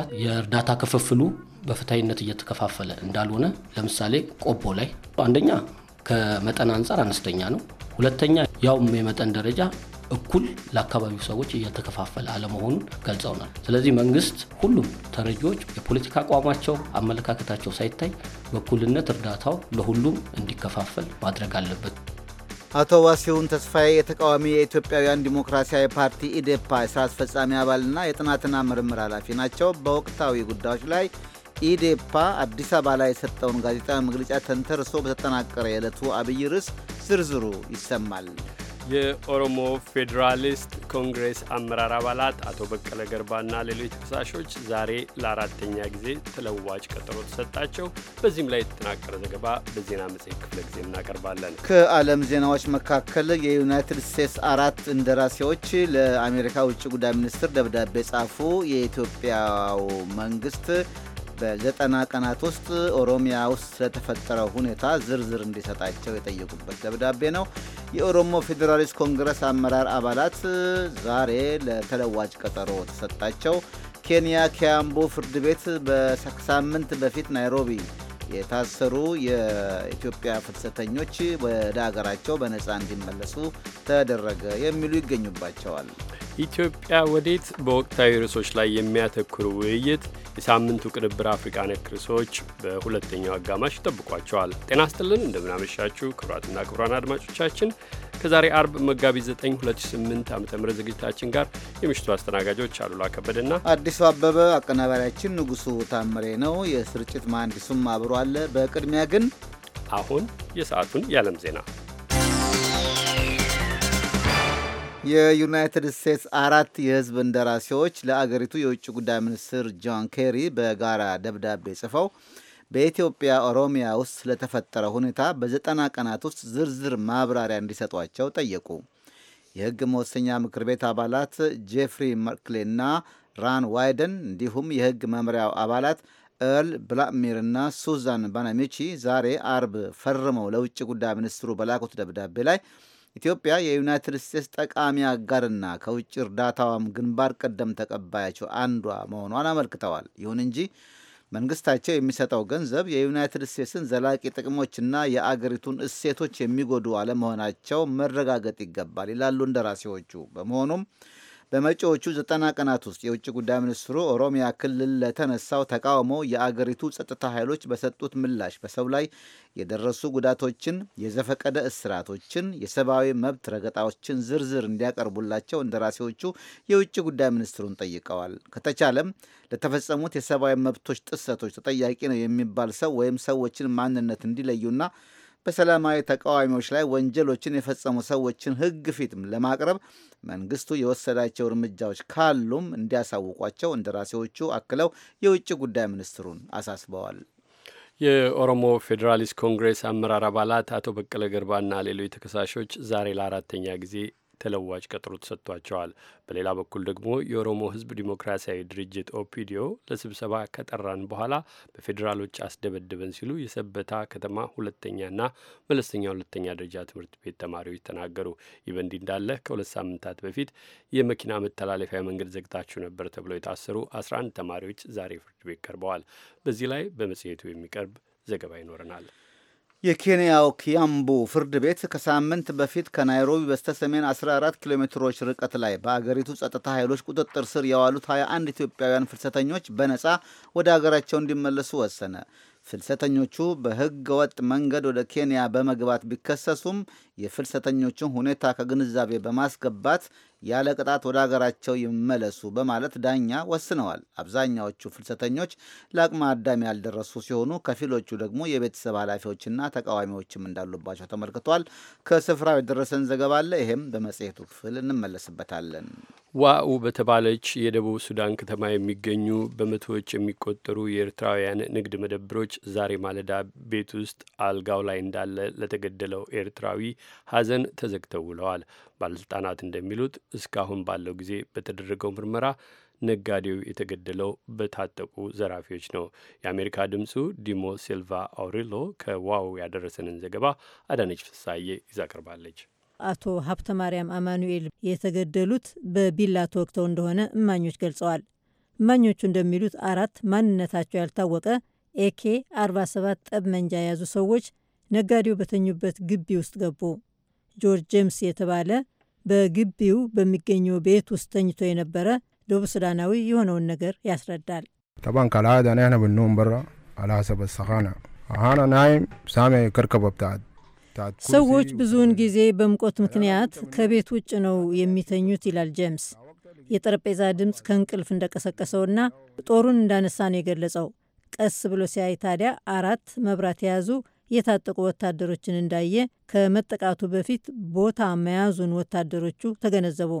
አካላት የእርዳታ ክፍፍሉ በፍትሐዊነት እየተከፋፈለ እንዳልሆነ ለምሳሌ ቆቦ ላይ አንደኛ ከመጠን አንጻር አነስተኛ ነው። ሁለተኛ ያውም የመጠን ደረጃ እኩል ለአካባቢው ሰዎች እየተከፋፈለ አለመሆኑን ገልጸውናል። ስለዚህ መንግስት ሁሉም ተረጂዎች የፖለቲካ አቋማቸው፣ አመለካከታቸው ሳይታይ በእኩልነት እርዳታው ለሁሉም እንዲከፋፈል ማድረግ አለበት። አቶ ዋሲሁን ተስፋዬ የተቃዋሚ የኢትዮጵያውያን ዲሞክራሲያዊ ፓርቲ ኢዴፓ የሥራ አስፈጻሚ አባልና የጥናትና ምርምር ኃላፊ ናቸው። በወቅታዊ ጉዳዮች ላይ ኢዴፓ አዲስ አበባ ላይ የሰጠውን ጋዜጣዊ መግለጫ ተንተርሶ በተጠናቀረ የዕለቱ አብይ ርዕስ ዝርዝሩ ይሰማል። የኦሮሞ ፌዴራሊስት ኮንግሬስ አመራር አባላት አቶ በቀለ ገርባና ሌሎች ተከሳሾች ዛሬ ለአራተኛ ጊዜ ተለዋጭ ቀጠሮ ተሰጣቸው። በዚህም ላይ የተጠናቀረ ዘገባ በዜና መጽሔት ክፍለ ጊዜ እናቀርባለን። ከዓለም ዜናዎች መካከል የዩናይትድ ስቴትስ አራት እንደራሴዎች ለአሜሪካ ውጭ ጉዳይ ሚኒስትር ደብዳቤ ጻፉ። የኢትዮጵያው መንግስት በዘጠና ቀናት ውስጥ ኦሮሚያ ውስጥ ስለተፈጠረው ሁኔታ ዝርዝር እንዲሰጣቸው የጠየቁበት ደብዳቤ ነው። የኦሮሞ ፌዴራሊስት ኮንግረስ አመራር አባላት ዛሬ ለተለዋጭ ቀጠሮ ተሰጣቸው። ኬንያ ኪያምቦ ፍርድ ቤት በሳምንት በፊት ናይሮቢ የታሰሩ የኢትዮጵያ ፍልሰተኞች ወደ ሀገራቸው በነፃ እንዲመለሱ ተደረገ የሚሉ ይገኙባቸዋል። ኢትዮጵያ ወዴት በወቅታዊ ርዕሶች ላይ የሚያተኩሩ ውይይት የሳምንቱ ቅንብር አፍሪቃ ነክ ርዕሶች በሁለተኛው አጋማሽ ይጠብቋቸዋል። ጤና ስጥልን፣ እንደምናመሻችሁ ክቡራትና ክቡራን አድማጮቻችን ከዛሬ አርብ መጋቢት 9 2008 ዓ ም ዝግጅታችን ጋር የምሽቱ አስተናጋጆች አሉላ ከበደና አዲሱ አበበ፣ አቀናባሪያችን ንጉሱ ታምሬ ነው። የስርጭት መሐንዲሱም አብሮ አለ። በቅድሚያ ግን አሁን የሰዓቱን የዓለም ዜና የዩናይትድ ስቴትስ አራት የህዝብ እንደራሴዎች ለአገሪቱ የውጭ ጉዳይ ሚኒስትር ጆን ኬሪ በጋራ ደብዳቤ ጽፈው በኢትዮጵያ ኦሮሚያ ውስጥ ስለተፈጠረ ሁኔታ በዘጠና ቀናት ውስጥ ዝርዝር ማብራሪያ እንዲሰጧቸው ጠየቁ። የህግ መወሰኛ ምክር ቤት አባላት ጄፍሪ መርክሌና ራን ዋይደን እንዲሁም የህግ መምሪያው አባላት ኤርል ብላሚርና ሱዛን ባናሚቺ ዛሬ አርብ ፈርመው ለውጭ ጉዳይ ሚኒስትሩ በላኩት ደብዳቤ ላይ ኢትዮጵያ የዩናይትድ ስቴትስ ጠቃሚ አጋርና ከውጭ እርዳታዋም ግንባር ቀደም ተቀባያቸው አንዷ መሆኗን አመልክተዋል። ይሁን እንጂ መንግስታቸው የሚሰጠው ገንዘብ የዩናይትድ ስቴትስን ዘላቂ ጥቅሞችና የአገሪቱን እሴቶች የሚጎዱ አለመሆናቸው መረጋገጥ ይገባል ይላሉ እንደራሴዎቹ። በመሆኑም በመጪዎቹ ዘጠና ቀናት ውስጥ የውጭ ጉዳይ ሚኒስትሩ ኦሮሚያ ክልል ለተነሳው ተቃውሞ የአገሪቱ ጸጥታ ኃይሎች በሰጡት ምላሽ በሰው ላይ የደረሱ ጉዳቶችን፣ የዘፈቀደ እስራቶችን፣ የሰብአዊ መብት ረገጣዎችን ዝርዝር እንዲያቀርቡላቸው እንደራሴዎቹ የውጭ ጉዳይ ሚኒስትሩን ጠይቀዋል። ከተቻለም ለተፈጸሙት የሰብአዊ መብቶች ጥሰቶች ተጠያቂ ነው የሚባል ሰው ወይም ሰዎችን ማንነት እንዲለዩና በሰላማዊ ተቃዋሚዎች ላይ ወንጀሎችን የፈጸሙ ሰዎችን ሕግ ፊትም ለማቅረብ መንግስቱ የወሰዳቸው እርምጃዎች ካሉም እንዲያሳውቋቸው እንደራሴዎቹ አክለው የውጭ ጉዳይ ሚኒስትሩን አሳስበዋል። የኦሮሞ ፌዴራሊስት ኮንግሬስ አመራር አባላት አቶ በቀለ ገርባና ሌሎች ተከሳሾች ዛሬ ለአራተኛ ጊዜ ተለዋጭ ቀጠሮ ተሰጥቷቸዋል። በሌላ በኩል ደግሞ የኦሮሞ ህዝብ ዲሞክራሲያዊ ድርጅት ኦፒዲዮ ለስብሰባ ከጠራን በኋላ በፌዴራሎች አስደበድበን ሲሉ የሰበታ ከተማ ሁለተኛና መለስተኛ ሁለተኛ ደረጃ ትምህርት ቤት ተማሪዎች ተናገሩ። ይህ በእንዲህ እንዳለ ከሁለት ሳምንታት በፊት የመኪና መተላለፊያ መንገድ ዘግታችሁ ነበር ተብለው የታሰሩ 11 ተማሪዎች ዛሬ ፍርድ ቤት ቀርበዋል። በዚህ ላይ በመጽሔቱ የሚቀርብ ዘገባ ይኖረናል። የኬንያው ኪያምቡ ፍርድ ቤት ከሳምንት በፊት ከናይሮቢ በስተ ሰሜን 14 ኪሎ ሜትሮች ርቀት ላይ በአገሪቱ ጸጥታ ኃይሎች ቁጥጥር ስር የዋሉት 21 ኢትዮጵያውያን ፍልሰተኞች በነጻ ወደ አገራቸው እንዲመለሱ ወሰነ። ፍልሰተኞቹ በሕገ ወጥ መንገድ ወደ ኬንያ በመግባት ቢከሰሱም የፍልሰተኞቹን ሁኔታ ከግንዛቤ በማስገባት ያለ ቅጣት ወደ አገራቸው ይመለሱ በማለት ዳኛ ወስነዋል። አብዛኛዎቹ ፍልሰተኞች ለአቅመ አዳም ያልደረሱ ሲሆኑ ከፊሎቹ ደግሞ የቤተሰብ ኃላፊዎችና ተቃዋሚዎችም እንዳሉባቸው ተመልክቷል። ከስፍራው የደረሰን ዘገባ አለ። ይህም በመጽሔቱ ክፍል እንመለስበታለን። ዋኡ በተባለች የደቡብ ሱዳን ከተማ የሚገኙ በመቶዎች የሚቆጠሩ የኤርትራውያን ንግድ መደብሮች ዛሬ ማለዳ ቤት ውስጥ አልጋው ላይ እንዳለ ለተገደለው ኤርትራዊ ሐዘን ተዘግተው ውለዋል። ባለሥልጣናት እንደሚሉት እስካሁን ባለው ጊዜ በተደረገው ምርመራ ነጋዴው የተገደለው በታጠቁ ዘራፊዎች ነው። የአሜሪካ ድምፁ ዲሞ ሲልቫ አውሪሎ ከዋው ያደረሰንን ዘገባ አዳነች ፍሳዬ ይዛ ቀርባለች። አቶ ሀብተ ማርያም አማኑኤል የተገደሉት በቢላ ተወግተው እንደሆነ እማኞች ገልጸዋል። እማኞቹ እንደሚሉት አራት ማንነታቸው ያልታወቀ ኤኬ 47 ጠብመንጃ የያዙ ሰዎች ነጋዴው በተኙበት ግቢ ውስጥ ገቡ። ጆርጅ ጄምስ የተባለ በግቢው በሚገኘው ቤት ውስጥ ተኝቶ የነበረ ደቡብ ሱዳናዊ የሆነውን ነገር ያስረዳል። ጠባን ከላዳ ነህነ ብንሆን በራ አላሰበ አሃና ናይም ሳሜ ከርከበብታት ሰዎች ብዙውን ጊዜ በምቆት ምክንያት ከቤት ውጭ ነው የሚተኙት ይላል ጄምስ። የጠረጴዛ ድምፅ ከእንቅልፍ እንደቀሰቀሰውና ጦሩን እንዳነሳ ነው የገለጸው። ቀስ ብሎ ሲያይ ታዲያ አራት መብራት የያዙ የታጠቁ ወታደሮችን እንዳየ ከመጠቃቱ በፊት ቦታ መያዙን ወታደሮቹ ተገነዘቡ።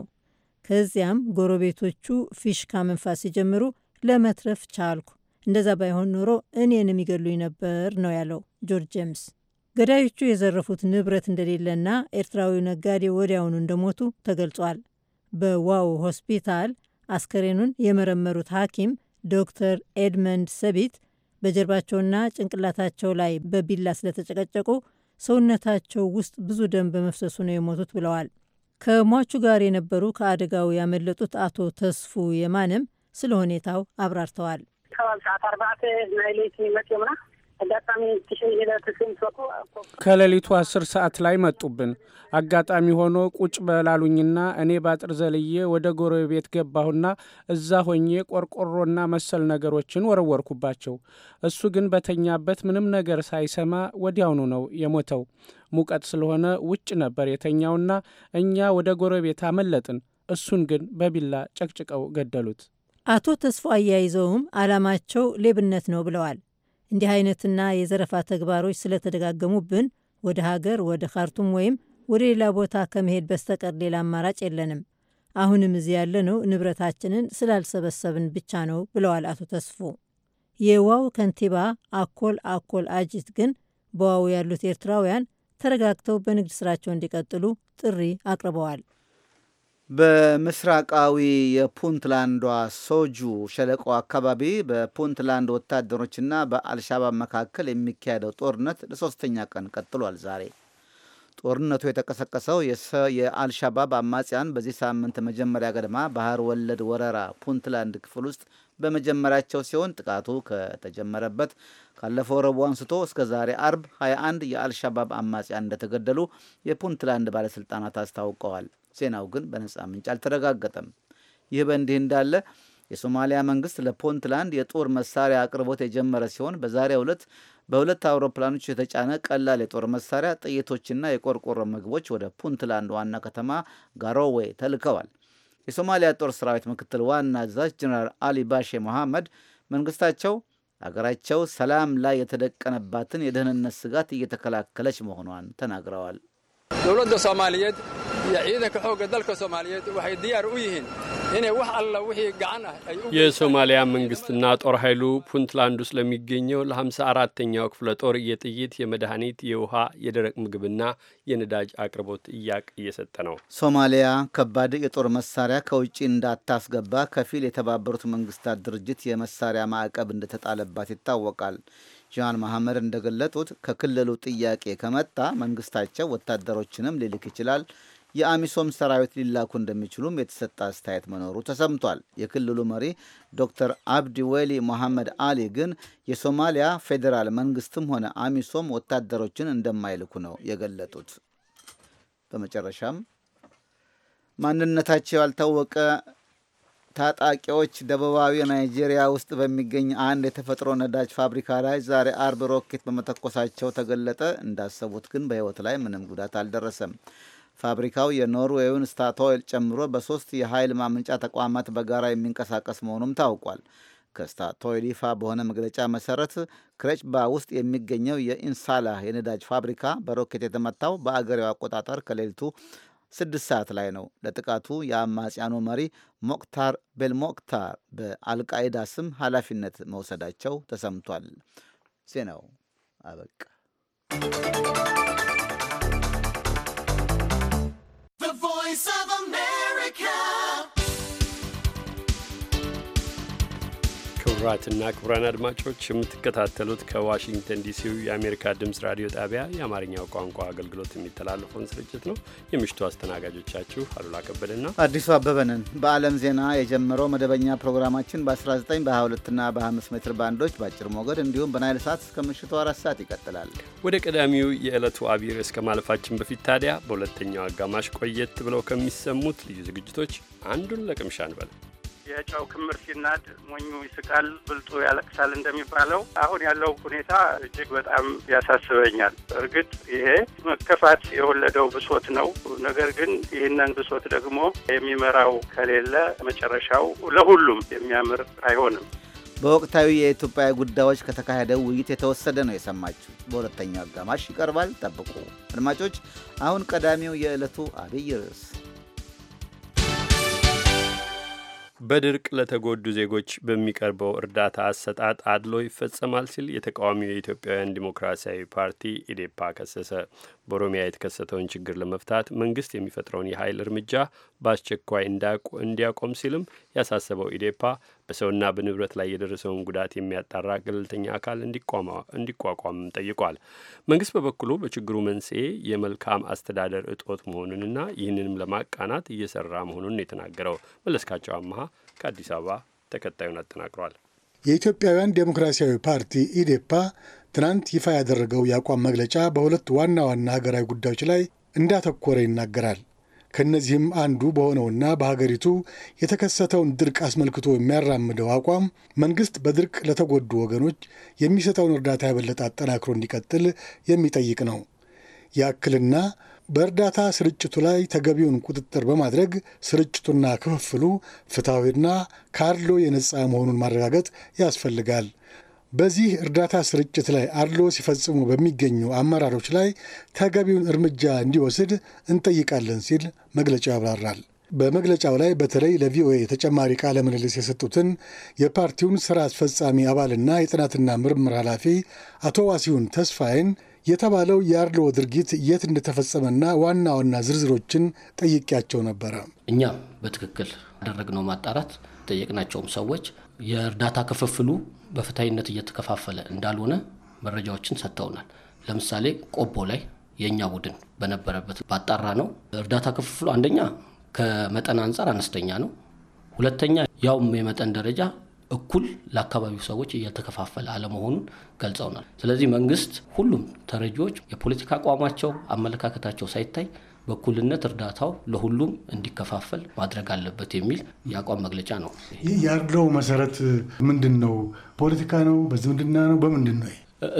ከዚያም ጎረቤቶቹ ፊሽካ መንፋስ ሲጀምሩ ለመትረፍ ቻልኩ፣ እንደዛ ባይሆን ኖሮ እኔንም ይገሉኝ ነበር ነው ያለው ጆርጅ ጄምስ። ገዳዮቹ የዘረፉት ንብረት እንደሌለና ኤርትራዊው ነጋዴ ወዲያውኑ እንደሞቱ ተገልጿል። በዋው ሆስፒታል አስከሬኑን የመረመሩት ሐኪም ዶክተር ኤድመንድ ሰቢት በጀርባቸውና ጭንቅላታቸው ላይ በቢላ ስለተጨቀጨቁ ሰውነታቸው ውስጥ ብዙ ደም በመፍሰሱ ነው የሞቱት ብለዋል። ከሟቹ ጋር የነበሩ ከአደጋው ያመለጡት አቶ ተስፉ የማንም ስለ ሁኔታው አብራርተዋል። ከሌሊቱ አስር ሰዓት ላይ መጡብን። አጋጣሚ ሆኖ ቁጭ በላሉኝና እኔ ባጥር ዘልዬ ወደ ጎረቤት ገባሁና እዛ ሆኜ ቆርቆሮና መሰል ነገሮችን ወረወርኩባቸው። እሱ ግን በተኛበት ምንም ነገር ሳይሰማ ወዲያውኑ ነው የሞተው። ሙቀት ስለሆነ ውጭ ነበር የተኛውና እኛ ወደ ጎረቤት አመለጥን። እሱን ግን በቢላ ጨቅጭቀው ገደሉት። አቶ ተስፋ አያይዘውም አላማቸው ሌብነት ነው ብለዋል። እንዲህ አይነትና የዘረፋ ተግባሮች ስለተደጋገሙብን ወደ ሀገር ወደ ካርቱም ወይም ወደ ሌላ ቦታ ከመሄድ በስተቀር ሌላ አማራጭ የለንም። አሁንም እዚህ ያለነው ንብረታችንን ስላልሰበሰብን ብቻ ነው ብለዋል አቶ ተስፎ። የዋው ከንቲባ አኮል አኮል አጅት ግን በዋው ያሉት ኤርትራውያን ተረጋግተው በንግድ ስራቸው እንዲቀጥሉ ጥሪ አቅርበዋል። በምስራቃዊ የፑንትላንዷ ሶጁ ሸለቆ አካባቢ በፑንትላንድ ወታደሮችና በአልሻባብ መካከል የሚካሄደው ጦርነት ለሶስተኛ ቀን ቀጥሏል። ዛሬ ጦርነቱ የተቀሰቀሰው የአልሻባብ አማጽያን በዚህ ሳምንት መጀመሪያ ገደማ ባህር ወለድ ወረራ ፑንትላንድ ክፍል ውስጥ በመጀመራቸው ሲሆን ጥቃቱ ከተጀመረበት ካለፈው ረቡዕ አንስቶ እስከ ዛሬ አርብ 21 የአልሻባብ አማጽያን እንደተገደሉ የፑንትላንድ ባለሥልጣናት አስታውቀዋል። ዜናው ግን በነጻ ምንጭ አልተረጋገጠም። ይህ በእንዲህ እንዳለ የሶማሊያ መንግስት ለፑንትላንድ የጦር መሳሪያ አቅርቦት የጀመረ ሲሆን በዛሬው ዕለት በሁለት አውሮፕላኖች የተጫነ ቀላል የጦር መሳሪያ ጥይቶችና የቆርቆሮ ምግቦች ወደ ፑንትላንድ ዋና ከተማ ጋሮዌ ተልከዋል። የሶማሊያ ጦር ሰራዊት ምክትል ዋና አዛዥ ጀነራል አሊ ባሼ መሐመድ መንግስታቸው አገራቸው ሰላም ላይ የተደቀነባትን የደህንነት ስጋት እየተከላከለች መሆኗን ተናግረዋል። dowladda soomaaliyeed iyo ciidanka xoogga dalka soomaaliyeed waxay diyaar u yihiin inay wax alla wixii gacan ah ay የሶማሊያ መንግስትና ጦር ኃይሉ ፑንትላንድ ውስጥ ለሚገኘው ለሀምሳ አራተኛው ክፍለ ጦር የጥይት፣ የመድኃኒት፣ የውሃ፣ የደረቅ ምግብና የነዳጅ አቅርቦት እያቅ እየሰጠ ነው። ሶማሊያ ከባድ የጦር መሳሪያ ከውጭ እንዳታስገባ ከፊል የተባበሩት መንግስታት ድርጅት የመሳሪያ ማዕቀብ እንደተጣለባት ይታወቃል። ጃን መሐመድ እንደገለጡት ከክልሉ ጥያቄ ከመጣ መንግስታቸው ወታደሮችንም ሊልክ ይችላል። የአሚሶም ሰራዊት ሊላኩ እንደሚችሉም የተሰጠ አስተያየት መኖሩ ተሰምቷል። የክልሉ መሪ ዶክተር አብዲ ወሊ ሞሐመድ አሊ ግን የሶማሊያ ፌዴራል መንግስትም ሆነ አሚሶም ወታደሮችን እንደማይልኩ ነው የገለጡት። በመጨረሻም ማንነታቸው ያልታወቀ ታጣቂዎች ደቡባዊ ናይጄሪያ ውስጥ በሚገኝ አንድ የተፈጥሮ ነዳጅ ፋብሪካ ላይ ዛሬ አርብ ሮኬት በመተኮሳቸው ተገለጠ። እንዳሰቡት ግን በሕይወት ላይ ምንም ጉዳት አልደረሰም። ፋብሪካው የኖርዌውን ስታቶይል ጨምሮ በሶስት የኃይል ማመንጫ ተቋማት በጋራ የሚንቀሳቀስ መሆኑም ታውቋል። ከስታቶይል ይፋ በሆነ መግለጫ መሰረት ክረጭባ ውስጥ የሚገኘው የኢንሳላ የነዳጅ ፋብሪካ በሮኬት የተመታው በአገሬው አቆጣጠር ከሌሊቱ ስድስት ሰዓት ላይ ነው። ለጥቃቱ የአማጽያኑ መሪ ሞቅታር ቤልሞቅታር በአልቃይዳ ስም ኃላፊነት መውሰዳቸው ተሰምቷል። ዜናው አበቃ። ክቡራትና ክቡራን አድማጮች የምትከታተሉት ከዋሽንግተን ዲሲው የአሜሪካ ድምፅ ራዲዮ ጣቢያ የአማርኛው ቋንቋ አገልግሎት የሚተላለፈውን ስርጭት ነው። የምሽቱ አስተናጋጆቻችሁ አሉላ ከበደና አዲሱ አበበንን በዓለም ዜና የጀመረው መደበኛ ፕሮግራማችን በ19 በ22ና በ25 ሜትር ባንዶች በአጭር ሞገድ እንዲሁም በናይል ሰዓት እስከ ምሽቱ አራት ሰዓት ይቀጥላል። ወደ ቀዳሚው የዕለቱ አቢር እስከ ማለፋችን በፊት ታዲያ በሁለተኛው አጋማሽ ቆየት ብለው ከሚሰሙት ልዩ ዝግጅቶች አንዱን ለቅምሻ እንበል። የጨው ክምር ሲናድ ሞኙ ይስቃል፣ ብልጡ ያለቅሳል እንደሚባለው አሁን ያለው ሁኔታ እጅግ በጣም ያሳስበኛል። እርግጥ ይሄ መከፋት የወለደው ብሶት ነው። ነገር ግን ይህንን ብሶት ደግሞ የሚመራው ከሌለ መጨረሻው ለሁሉም የሚያምር አይሆንም። በወቅታዊ የኢትዮጵያ ጉዳዮች ከተካሄደው ውይይት የተወሰደ ነው የሰማችሁ። በሁለተኛው አጋማሽ ይቀርባል፣ ጠብቁ አድማጮች። አሁን ቀዳሚው የዕለቱ አብይ ርዕስ በድርቅ ለተጎዱ ዜጎች በሚቀርበው እርዳታ አሰጣጥ አድሎ ይፈጸማል ሲል የተቃዋሚው የኢትዮጵያውያን ዲሞክራሲያዊ ፓርቲ ኢዴፓ ከሰሰ። በኦሮሚያ የተከሰተውን ችግር ለመፍታት መንግስት የሚፈጥረውን የኃይል እርምጃ በአስቸኳይ እንዲያቆም ሲልም ያሳሰበው ኢዴፓ በሰውና በንብረት ላይ የደረሰውን ጉዳት የሚያጣራ ገለልተኛ አካል እንዲቋቋም ጠይቋል። መንግስት በበኩሉ በችግሩ መንስኤ የመልካም አስተዳደር እጦት መሆኑንና ይህንንም ለማቃናት እየሰራ መሆኑን የተናገረው መለስካቸው አመሃ ከአዲስ አበባ ተከታዩን አጠናቅሯል። የኢትዮጵያውያን ዴሞክራሲያዊ ፓርቲ ኢዴፓ ትናንት ይፋ ያደረገው የአቋም መግለጫ በሁለት ዋና ዋና ሀገራዊ ጉዳዮች ላይ እንዳተኮረ ይናገራል። ከእነዚህም አንዱ በሆነውና በሀገሪቱ የተከሰተውን ድርቅ አስመልክቶ የሚያራምደው አቋም መንግስት በድርቅ ለተጎዱ ወገኖች የሚሰጠውን እርዳታ የበለጠ አጠናክሮ እንዲቀጥል የሚጠይቅ ነው። ያክልና በእርዳታ ስርጭቱ ላይ ተገቢውን ቁጥጥር በማድረግ ስርጭቱና ክፍፍሉ ፍትሐዊና ካርሎ የነፃ መሆኑን ማረጋገጥ ያስፈልጋል። በዚህ እርዳታ ስርጭት ላይ አድሎ ሲፈጽሙ በሚገኙ አመራሮች ላይ ተገቢውን እርምጃ እንዲወስድ እንጠይቃለን ሲል መግለጫው ያብራራል። በመግለጫው ላይ በተለይ ለቪኦኤ ተጨማሪ ቃለ ምልልስ የሰጡትን የፓርቲውን ስራ አስፈጻሚ አባልና የጥናትና ምርምር ኃላፊ አቶ ዋሲሁን ተስፋዬን የተባለው የአርሎ ድርጊት የት እንደተፈጸመና ዋና ዋና ዝርዝሮችን ጠይቄያቸው ነበረ። እኛ በትክክል ያደረግነው ማጣራት ጠየቅናቸውም ሰዎች የእርዳታ ክፍፍሉ በፍትሐዊነት እየተከፋፈለ እንዳልሆነ መረጃዎችን ሰጥተውናል። ለምሳሌ ቆቦ ላይ የእኛ ቡድን በነበረበት ባጣራ ነው እርዳታ ክፍፍሉ አንደኛ ከመጠን አንጻር አነስተኛ ነው። ሁለተኛ ያውም የመጠን ደረጃ እኩል ለአካባቢው ሰዎች እየተከፋፈለ አለመሆኑን ገልጸውናል። ስለዚህ መንግስት ሁሉም ተረጂዎች የፖለቲካ አቋማቸው፣ አመለካከታቸው ሳይታይ በኩልነት እርዳታው ለሁሉም እንዲከፋፈል ማድረግ አለበት የሚል የአቋም መግለጫ ነው። ይህ ያለው መሰረት ምንድን ነው? ፖለቲካ ነው? በዝምድና ነው? በምንድን ነው?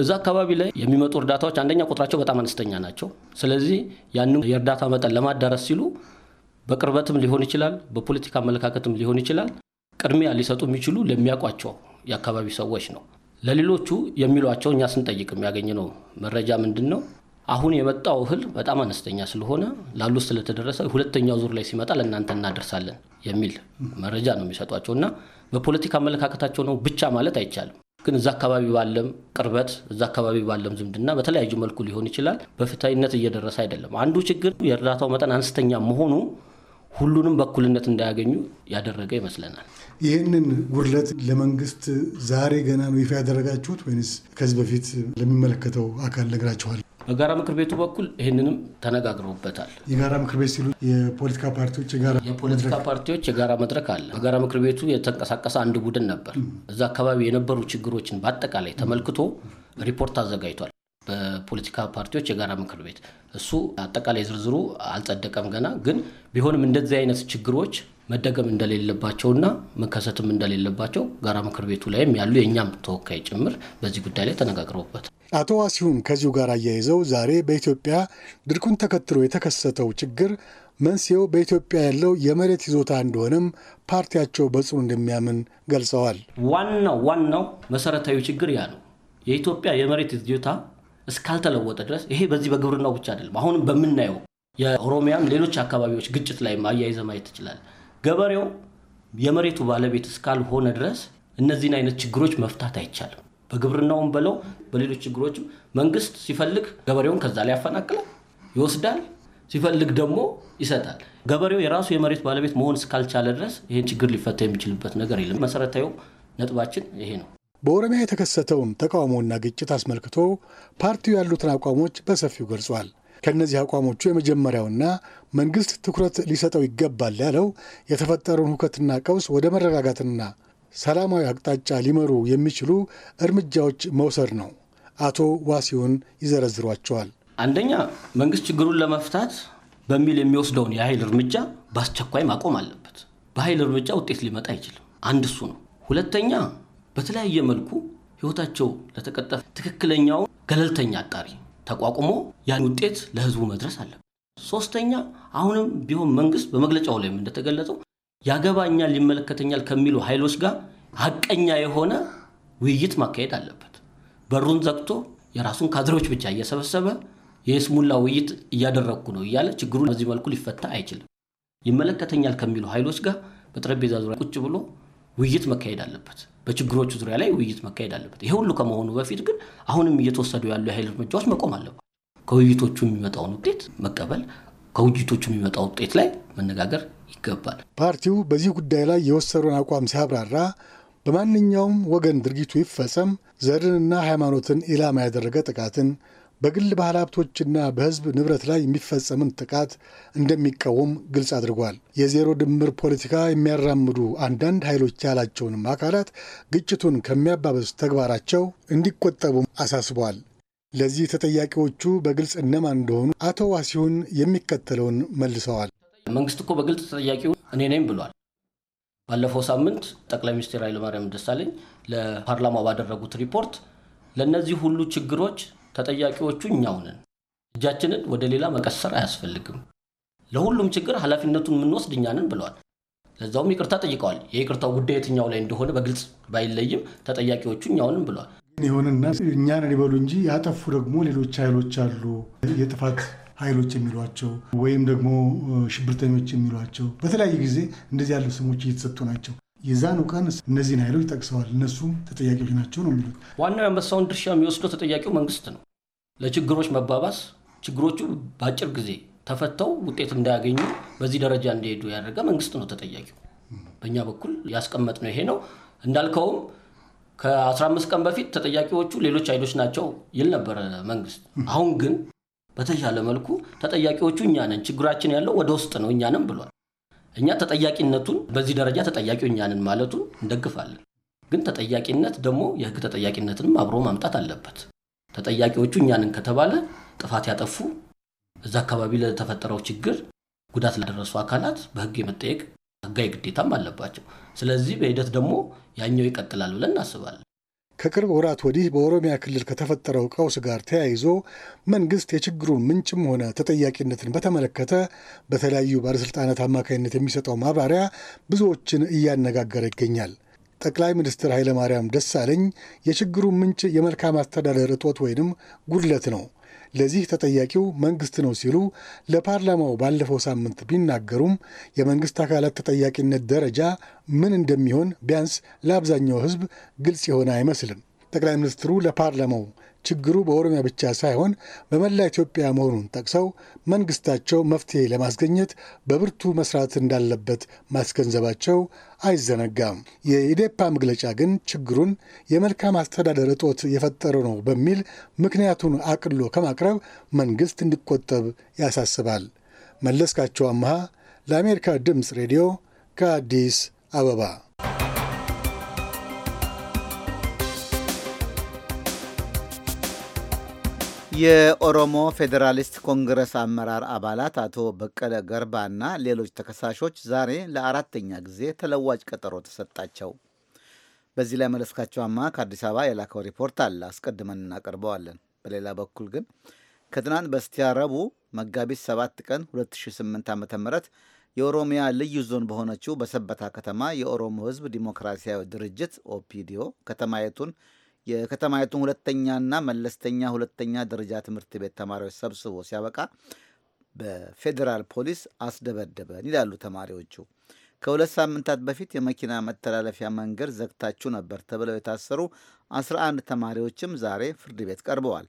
እዛ አካባቢ ላይ የሚመጡ እርዳታዎች አንደኛ ቁጥራቸው በጣም አነስተኛ ናቸው። ስለዚህ ያንን የእርዳታ መጠን ለማዳረስ ሲሉ በቅርበትም ሊሆን ይችላል፣ በፖለቲካ አመለካከትም ሊሆን ይችላል ቅድሚያ ሊሰጡ የሚችሉ ለሚያውቋቸው የአካባቢ ሰዎች ነው። ለሌሎቹ የሚሏቸው እኛ ስንጠይቅ የሚያገኝ ነው መረጃ ምንድን ነው አሁን የመጣው እህል በጣም አነስተኛ ስለሆነ ላሉት ስለተደረሰ ሁለተኛው ዙር ላይ ሲመጣ ለእናንተ እናደርሳለን የሚል መረጃ ነው የሚሰጧቸው እና በፖለቲካ አመለካከታቸው ነው ብቻ ማለት አይቻልም። ግን እዛ አካባቢ ባለም ቅርበት እዛ አካባቢ ባለም ዝምድና በተለያዩ መልኩ ሊሆን ይችላል። በፍትሃዊነት እየደረሰ አይደለም። አንዱ ችግር የእርዳታው መጠን አነስተኛ መሆኑ ሁሉንም በእኩልነት እንዳያገኙ ያደረገ ይመስለናል። ይህንን ጉድለት ለመንግስት ዛሬ ገና ነው ይፋ ያደረጋችሁት ወይስ ከዚህ በፊት ለሚመለከተው አካል ነግራችኋል? በጋራ ምክር ቤቱ በኩል ይህንንም ተነጋግረውበታል። የጋራ ምክር ቤት ሲሉ የፖለቲካ ፓርቲዎች የጋራ የፖለቲካ ፓርቲዎች የጋራ መድረክ አለ። በጋራ ምክር ቤቱ የተንቀሳቀሰ አንድ ቡድን ነበር። እዛ አካባቢ የነበሩ ችግሮችን በአጠቃላይ ተመልክቶ ሪፖርት አዘጋጅቷል። በፖለቲካ ፓርቲዎች የጋራ ምክር ቤት እሱ አጠቃላይ ዝርዝሩ አልጸደቀም ገና ግን ቢሆንም እንደዚህ አይነት ችግሮች መደገም እንደሌለባቸውና መከሰትም እንደሌለባቸው ጋራ ምክር ቤቱ ላይም ያሉ የእኛም ተወካይ ጭምር በዚህ ጉዳይ ላይ ተነጋግረውበት አቶ ዋሲሁን ከዚሁ ጋር አያይዘው ዛሬ በኢትዮጵያ ድርቁን ተከትሎ የተከሰተው ችግር መንስኤው በኢትዮጵያ ያለው የመሬት ይዞታ እንደሆነም ፓርቲያቸው በጽኑ እንደሚያምን ገልጸዋል። ዋናው ዋናው መሰረታዊ ችግር ያ ነው። የኢትዮጵያ የመሬት ይዞታ እስካልተለወጠ ድረስ ይሄ በዚህ በግብርናው ብቻ አይደለም፣ አሁንም በምናየው የኦሮሚያም ሌሎች አካባቢዎች ግጭት ላይ አያይዘ ማየት ትችላል። ገበሬው የመሬቱ ባለቤት እስካልሆነ ድረስ እነዚህን አይነት ችግሮች መፍታት አይቻልም። በግብርናውም በለው በሌሎች ችግሮችም መንግስት ሲፈልግ ገበሬውን ከዛ ላይ ያፈናቅላል፣ ይወስዳል፣ ሲፈልግ ደግሞ ይሰጣል። ገበሬው የራሱ የመሬት ባለቤት መሆን እስካልቻለ ድረስ ይህን ችግር ሊፈታ የሚችልበት ነገር የለም። መሰረታዊ ነጥባችን ይሄ ነው። በኦሮሚያ የተከሰተውን ተቃውሞና ግጭት አስመልክቶ ፓርቲው ያሉትን አቋሞች በሰፊው ገልጿል። ከእነዚህ አቋሞቹ የመጀመሪያውና መንግስት ትኩረት ሊሰጠው ይገባል ያለው የተፈጠረውን ሁከትና ቀውስ ወደ መረጋጋትና ሰላማዊ አቅጣጫ ሊመሩ የሚችሉ እርምጃዎች መውሰድ ነው። አቶ ዋሲውን ይዘረዝሯቸዋል። አንደኛ መንግስት ችግሩን ለመፍታት በሚል የሚወስደውን የኃይል እርምጃ በአስቸኳይ ማቆም አለበት። በኃይል እርምጃ ውጤት ሊመጣ አይችልም። አንድ እሱ ነው። ሁለተኛ በተለያየ መልኩ ህይወታቸው ለተቀጠፈ ትክክለኛውን ገለልተኛ አጣሪ ተቋቁሞ ያን ውጤት ለህዝቡ መድረስ አለበት። ሶስተኛ አሁንም ቢሆን መንግስት በመግለጫው ላይም እንደተገለጸው ያገባኛል፣ ይመለከተኛል ከሚሉ ኃይሎች ጋር ሀቀኛ የሆነ ውይይት ማካሄድ አለበት። በሩን ዘግቶ የራሱን ካድሬዎች ብቻ እየሰበሰበ የስሙላ ውይይት እያደረግኩ ነው እያለ ችግሩን በዚህ መልኩ ሊፈታ አይችልም። ይመለከተኛል ከሚሉ ኃይሎች ጋር በጠረጴዛ ዙሪያ ቁጭ ብሎ ውይይት መካሄድ አለበት። በችግሮቹ ዙሪያ ላይ ውይይት መካሄድ አለበት። ይሄ ሁሉ ከመሆኑ በፊት ግን አሁንም እየተወሰዱ ያሉ የኃይል እርምጃዎች መቆም አለበት። ከውይይቶቹ የሚመጣውን ውጤት መቀበል፣ ከውይይቶቹ የሚመጣው ውጤት ላይ መነጋገር ይገባል። ፓርቲው በዚህ ጉዳይ ላይ የወሰደውን አቋም ሲያብራራ በማንኛውም ወገን ድርጊቱ ይፈጸም ዘርንና ሃይማኖትን ኢላማ ያደረገ ጥቃትን በግል ባህል ሀብቶችና በሕዝብ ንብረት ላይ የሚፈጸምን ጥቃት እንደሚቃወም ግልጽ አድርጓል። የዜሮ ድምር ፖለቲካ የሚያራምዱ አንዳንድ ኃይሎች ያላቸውንም አካላት ግጭቱን ከሚያባበስ ተግባራቸው እንዲቆጠቡም አሳስቧል። ለዚህ ተጠያቂዎቹ በግልጽ እነማን እንደሆኑ አቶ ዋሲሁን የሚከተለውን መልሰዋል። መንግስት እኮ በግልጽ ተጠያቂው እኔ ነኝ ብሏል። ባለፈው ሳምንት ጠቅላይ ሚኒስትር ኃይለማርያም ደሳለኝ ለፓርላማ ባደረጉት ሪፖርት ለእነዚህ ሁሉ ችግሮች ተጠያቂዎቹ እኛው ነን፣ እጃችንን ወደ ሌላ መቀሰር አያስፈልግም፣ ለሁሉም ችግር ኃላፊነቱን የምንወስድ እኛ ነን ብለዋል። ለዛውም ይቅርታ ጠይቀዋል። የይቅርታው ጉዳይ የትኛው ላይ እንደሆነ በግልጽ ባይለይም ተጠያቂዎቹ እኛውንም ብለዋል። የሆነና እኛን ሊበሉ እንጂ ያጠፉ ደግሞ ሌሎች ኃይሎች አሉ የጥፋት ኃይሎች የሚሏቸው ወይም ደግሞ ሽብርተኞች የሚሏቸው በተለያየ ጊዜ እንደዚህ ያሉ ስሞች እየተሰጡ ናቸው። የዛኑ ቀን እነዚህን ኃይሎች ጠቅሰዋል። እነሱም ተጠያቂዎች ናቸው ነው የሚሉት። ዋናው የአንበሳውን ድርሻ የሚወስደው ተጠያቂው መንግስት ነው። ለችግሮች መባባስ ችግሮቹ በአጭር ጊዜ ተፈተው ውጤት እንዳያገኙ በዚህ ደረጃ እንዲሄዱ ያደረገ መንግስት ነው ተጠያቂው። በእኛ በኩል ያስቀመጥ ነው ይሄ ነው እንዳልከውም ከ15 ቀን በፊት ተጠያቂዎቹ ሌሎች ኃይሎች ናቸው ይል ነበረ መንግስት። አሁን ግን በተሻለ መልኩ ተጠያቂዎቹ እኛ ነን፣ ችግራችን ያለው ወደ ውስጥ ነው እኛንም ብሏል። እኛ ተጠያቂነቱን በዚህ ደረጃ ተጠያቂው እኛንን ማለቱን እንደግፋለን። ግን ተጠያቂነት ደግሞ የህግ ተጠያቂነትንም አብሮ ማምጣት አለበት። ተጠያቂዎቹ እኛንን ከተባለ ጥፋት ያጠፉ እዛ አካባቢ ለተፈጠረው ችግር ጉዳት ላደረሱ አካላት በህግ የመጠየቅ ህጋዊ ግዴታም አለባቸው። ስለዚህ በሂደት ደግሞ ያኛው ይቀጥላል ብለን እናስባለን። ከቅርብ ወራት ወዲህ በኦሮሚያ ክልል ከተፈጠረው ቀውስ ጋር ተያይዞ መንግስት የችግሩን ምንጭም ሆነ ተጠያቂነትን በተመለከተ በተለያዩ ባለሥልጣናት አማካኝነት የሚሰጠው ማብራሪያ ብዙዎችን እያነጋገረ ይገኛል። ጠቅላይ ሚኒስትር ኃይለማርያም ደሳለኝ የችግሩን ምንጭ የመልካም አስተዳደር እጦት ወይንም ጉድለት ነው ለዚህ ተጠያቂው መንግስት ነው ሲሉ ለፓርላማው ባለፈው ሳምንት ቢናገሩም የመንግስት አካላት ተጠያቂነት ደረጃ ምን እንደሚሆን ቢያንስ ለአብዛኛው ህዝብ ግልጽ የሆነ አይመስልም። ጠቅላይ ሚኒስትሩ ለፓርላማው ችግሩ በኦሮሚያ ብቻ ሳይሆን በመላ ኢትዮጵያ መሆኑን ጠቅሰው መንግስታቸው መፍትሄ ለማስገኘት በብርቱ መስራት እንዳለበት ማስገንዘባቸው አይዘነጋም። የኢዴፓ መግለጫ ግን ችግሩን የመልካም አስተዳደር እጦት የፈጠረ ነው በሚል ምክንያቱን አቅሎ ከማቅረብ መንግስት እንዲቆጠብ ያሳስባል። መለስካቸው አመሃ ለአሜሪካ ድምፅ ሬዲዮ ከአዲስ አበባ የኦሮሞ ፌዴራሊስት ኮንግረስ አመራር አባላት አቶ በቀለ ገርባና ሌሎች ተከሳሾች ዛሬ ለአራተኛ ጊዜ ተለዋጭ ቀጠሮ ተሰጣቸው። በዚህ ላይ መለስካቸዋማ ከአዲስ አበባ የላከው ሪፖርት አለ፣ አስቀድመን እናቀርበዋለን። በሌላ በኩል ግን ከትናንት በስቲያ ረቡዕ መጋቢት 7 ቀን 2008 ዓ ም የኦሮሚያ ልዩ ዞን በሆነችው በሰበታ ከተማ የኦሮሞ ሕዝብ ዲሞክራሲያዊ ድርጅት ኦፒዲዮ ከተማየቱን የከተማይቱን ሁለተኛና መለስተኛ ሁለተኛ ደረጃ ትምህርት ቤት ተማሪዎች ሰብስቦ ሲያበቃ በፌዴራል ፖሊስ አስደበደበን ይላሉ ተማሪዎቹ። ከሁለት ሳምንታት በፊት የመኪና መተላለፊያ መንገድ ዘግታችሁ ነበር ተብለው የታሰሩ 11 ተማሪዎችም ዛሬ ፍርድ ቤት ቀርበዋል።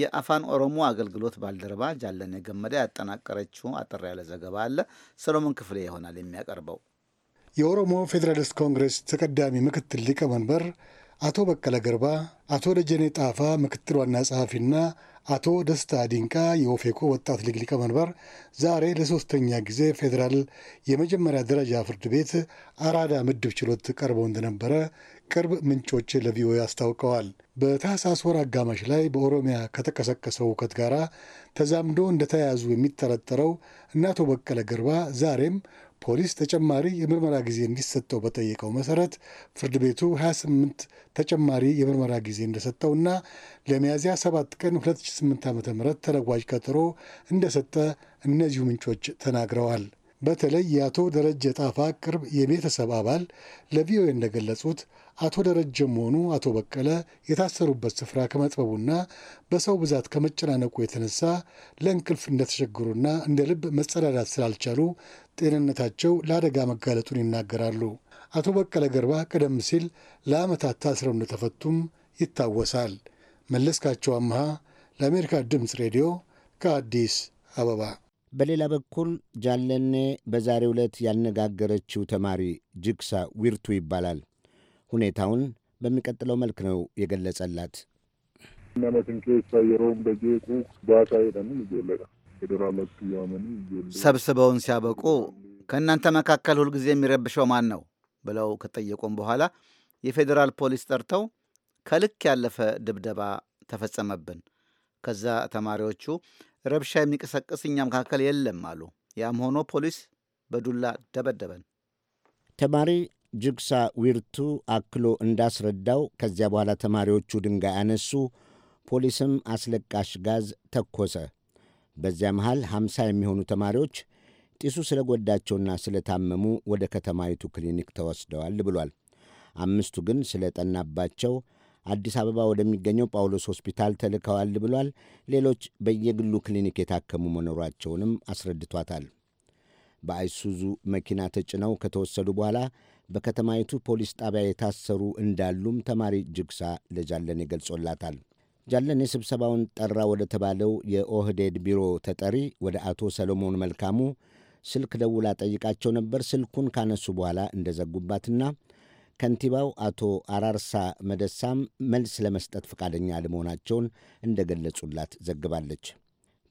የአፋን ኦሮሞ አገልግሎት ባልደረባ ጃለኔ የገመደ ያጠናቀረችው አጠር ያለ ዘገባ አለ። ሰሎሞን ክፍሌ ይሆናል የሚያቀርበው። የኦሮሞ ፌዴራሊስት ኮንግሬስ ተቀዳሚ ምክትል ሊቀመንበር አቶ በቀለ ገርባ፣ አቶ ደጀኔ ጣፋ ምክትል ዋና ጸሐፊና አቶ ደስታ ዲንቃ የኦፌኮ ወጣት ሊግ ሊቀመንበር ዛሬ ለሶስተኛ ጊዜ ፌዴራል የመጀመሪያ ደረጃ ፍርድ ቤት አራዳ ምድብ ችሎት ቀርበው እንደነበረ ቅርብ ምንጮች ለቪኦኤ አስታውቀዋል። በታህሳስ ወር አጋማሽ ላይ በኦሮሚያ ከተቀሰቀሰው ውከት ጋር ተዛምዶ እንደተያያዙ የሚጠረጠረው እነ አቶ በቀለ ገርባ ዛሬም ፖሊስ ተጨማሪ የምርመራ ጊዜ እንዲሰጠው በጠየቀው መሰረት ፍርድ ቤቱ 28 ተጨማሪ የምርመራ ጊዜ እንደሰጠውና ለሚያዝያ 7 ቀን 2008 ዓ ም ተለዋጭ ቀጠሮ እንደሰጠ እነዚሁ ምንጮች ተናግረዋል። በተለይ የአቶ ደረጀ ጣፋ ቅርብ የቤተሰብ አባል ለቪኦኤ እንደገለጹት አቶ ደረጀም ሆኑ አቶ በቀለ የታሰሩበት ስፍራ ከመጥበቡና በሰው ብዛት ከመጨናነቁ የተነሳ ለእንቅልፍ እንደተቸገሩና እንደ ልብ መጸዳዳት ስላልቻሉ ጤንነታቸው ለአደጋ መጋለጡን ይናገራሉ። አቶ በቀለ ገርባ ቀደም ሲል ለዓመታት ታስረው እንደተፈቱም ይታወሳል። መለስካቸው አምሃ ለአሜሪካ ድምፅ ሬዲዮ ከአዲስ አበባ። በሌላ በኩል ጃለኔ በዛሬ ዕለት ያነጋገረችው ተማሪ ጅግሳ ዊርቱ ይባላል። ሁኔታውን በሚቀጥለው መልክ ነው የገለጸላት። ሰብስበውን ሲያበቁ ከእናንተ መካከል ሁልጊዜ የሚረብሸው ማን ነው ብለው ከጠየቁም በኋላ የፌዴራል ፖሊስ ጠርተው ከልክ ያለፈ ድብደባ ተፈጸመብን። ከዛ ተማሪዎቹ ረብሻ የሚቀሰቅስ እኛ መካከል የለም አሉ። ያም ሆኖ ፖሊስ በዱላ ደበደበን። ተማሪ ጅግሳ ዊርቱ አክሎ እንዳስረዳው ከዚያ በኋላ ተማሪዎቹ ድንጋይ አነሱ፣ ፖሊስም አስለቃሽ ጋዝ ተኮሰ። በዚያ መሃል ሐምሳ የሚሆኑ ተማሪዎች ጢሱ ስለጎዳቸውና ስለታመሙ ወደ ከተማይቱ ክሊኒክ ተወስደዋል ብሏል። አምስቱ ግን ስለጠናባቸው አዲስ አበባ ወደሚገኘው ጳውሎስ ሆስፒታል ተልከዋል ብሏል። ሌሎች በየግሉ ክሊኒክ የታከሙ መኖራቸውንም አስረድቷታል። በአይሱዙ መኪና ተጭነው ከተወሰዱ በኋላ በከተማይቱ ፖሊስ ጣቢያ የታሰሩ እንዳሉም ተማሪ ጅግሳ ለጃለኔ ገልጾላታል። ጃለኔ ስብሰባውን ጠራ ወደ ተባለው የኦህዴድ ቢሮ ተጠሪ ወደ አቶ ሰሎሞን መልካሙ ስልክ ደውላ ጠይቃቸው ነበር። ስልኩን ካነሱ በኋላ እንደዘጉባትና ከንቲባው አቶ አራርሳ መደሳም መልስ ለመስጠት ፈቃደኛ አለመሆናቸውን እንደገለጹላት ዘግባለች።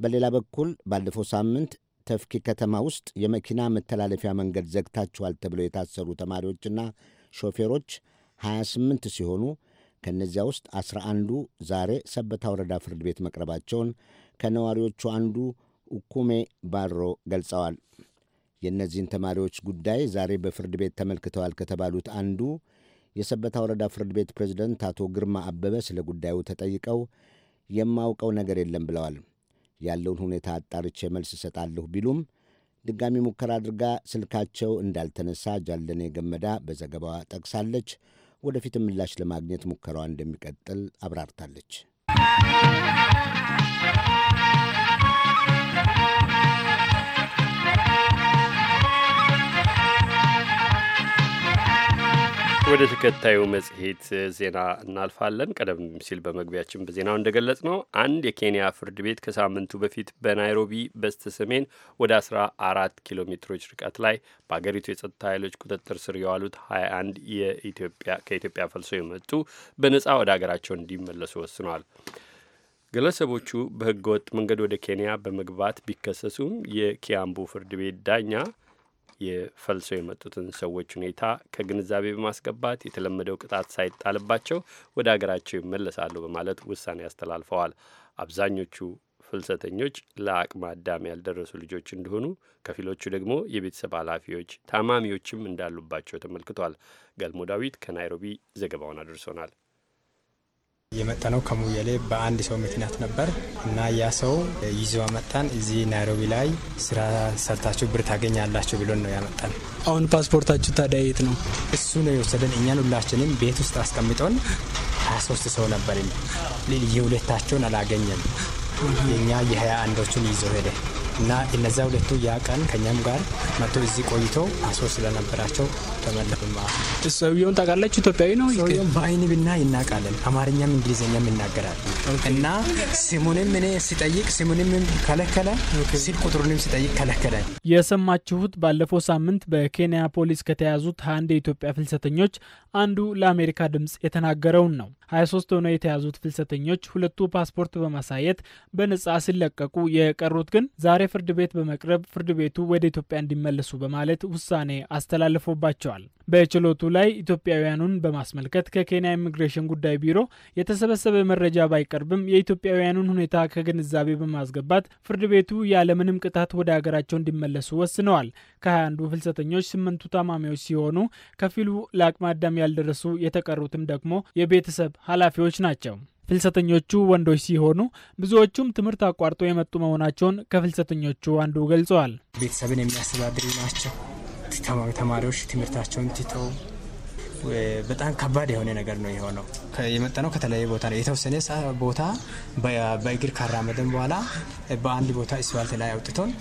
በሌላ በኩል ባለፈው ሳምንት ተፍኪ ከተማ ውስጥ የመኪና መተላለፊያ መንገድ ዘግታችኋል ተብለው የታሰሩ ተማሪዎችና ሾፌሮች 28 ሲሆኑ ከእነዚያ ውስጥ 11 አንዱ ዛሬ ሰበታ ወረዳ ፍርድ ቤት መቅረባቸውን ከነዋሪዎቹ አንዱ ኡኩሜ ባሮ ገልጸዋል። የእነዚህን ተማሪዎች ጉዳይ ዛሬ በፍርድ ቤት ተመልክተዋል ከተባሉት አንዱ የሰበታ ወረዳ ፍርድ ቤት ፕሬዝደንት አቶ ግርማ አበበ ስለ ጉዳዩ ተጠይቀው የማውቀው ነገር የለም ብለዋል። ያለውን ሁኔታ አጣርቼ መልስ እሰጣለሁ ቢሉም ድጋሚ ሙከራ አድርጋ ስልካቸው እንዳልተነሳ ጃለኔ ገመዳ በዘገባዋ ጠቅሳለች። ወደፊት ምላሽ ለማግኘት ሙከራዋ እንደሚቀጥል አብራርታለች። ወደ ተከታዩ መጽሔት ዜና እናልፋለን። ቀደም ሲል በመግቢያችን በዜናው እንደገለጽ ነው አንድ የኬንያ ፍርድ ቤት ከሳምንቱ በፊት በናይሮቢ በስተ ሰሜን ወደ 14 ኪሎ ሜትሮች ርቀት ላይ በአገሪቱ የጸጥታ ኃይሎች ቁጥጥር ስር የዋሉት 21 የኢትዮጵያ ከኢትዮጵያ ፈልሶ የመጡ በነፃ ወደ አገራቸው እንዲመለሱ ወስኗል። ግለሰቦቹ በህገወጥ መንገድ ወደ ኬንያ በመግባት ቢከሰሱም የኪያምቡ ፍርድ ቤት ዳኛ የፈልሰው የመጡትን ሰዎች ሁኔታ ከግንዛቤ በማስገባት የተለመደው ቅጣት ሳይጣልባቸው ወደ አገራቸው ይመለሳሉ በማለት ውሳኔ አስተላልፈዋል። አብዛኞቹ ፍልሰተኞች ለአቅመ አዳም ያልደረሱ ልጆች እንደሆኑ፣ ከፊሎቹ ደግሞ የቤተሰብ ኃላፊዎች፣ ታማሚዎችም እንዳሉባቸው ተመልክቷል። ገልሞ ዳዊት ከናይሮቢ ዘገባውን አድርሶናል። የመጣነው ከሙየሌ በአንድ ሰው ምክንያት ነበር እና ያ ሰው ይዞ መጣን። እዚህ ናይሮቢ ላይ ስራ ሰርታችሁ ብር ታገኛላችሁ ብሎን ነው ያመጣን። አሁን ፓስፖርታችሁ ታዲያ የት ነው? እሱ ነው የወሰደን። እኛን ሁላችንም ቤት ውስጥ አስቀምጦን ሀያ ሶስት ሰው ነበር። የሁለታቸውን አላገኘም። የእኛ የሀያ አንዶችን ይዞ ሄደ። እና እነዚያ ሁለቱ ያ ቀን ከኛም ጋር መቶ እዚህ ቆይቶ አሶ ስለነበራቸው ተመለፍማ ሰውየውን ታውቃለች? ኢትዮጵያዊ ነው። ሰውየውን በአይን ብና ይናቃለን። አማርኛም እንግሊዝኛም ይናገራል። እና ስሙንም እኔ ሲጠይቅ ስሙንም ከለከለ፣ ሲል ቁጥሩንም ሲጠይቅ ከለከለ። የሰማችሁት ባለፈው ሳምንት በኬንያ ፖሊስ ከተያዙት አንድ የኢትዮጵያ ፍልሰተኞች አንዱ ለአሜሪካ ድምፅ የተናገረውን ነው። 23 ሆነው የተያዙት ፍልሰተኞች ሁለቱ ፓስፖርት በማሳየት በነጻ ሲለቀቁ፣ የቀሩት ግን ዛሬ ፍርድ ቤት በመቅረብ ፍርድ ቤቱ ወደ ኢትዮጵያ እንዲመለሱ በማለት ውሳኔ አስተላልፎባቸዋል። በችሎቱ ላይ ኢትዮጵያውያኑን በማስመልከት ከኬንያ ኢሚግሬሽን ጉዳይ ቢሮ የተሰበሰበ መረጃ ባይቀርብም የኢትዮጵያውያኑን ሁኔታ ከግንዛቤ በማስገባት ፍርድ ቤቱ ያለምንም ቅጣት ወደ ሀገራቸው እንዲመለሱ ወስነዋል። ከሀያ አንዱ ፍልሰተኞች ስምንቱ ታማሚዎች ሲሆኑ ከፊሉ ለአቅመ አዳም ያልደረሱ የተቀሩትም ደግሞ የቤተሰብ ኃላፊዎች ናቸው። ፍልሰተኞቹ ወንዶች ሲሆኑ ብዙዎቹም ትምህርት አቋርጦ የመጡ መሆናቸውን ከፍልሰተኞቹ አንዱ ገልጸዋል። ቤተሰብን የሚያስተዳድሩ ናቸው። ተማሪዎች ትምህርታቸውን ትተው በጣም ከባድ የሆነ ነገር ነው የሆነው። የመጣ ነው ከተለያየ ቦታ ነው። የተወሰነ ቦታ በእግር ካራመደን በኋላ በአንድ ቦታ አስፋልት ላይ አውጥቶን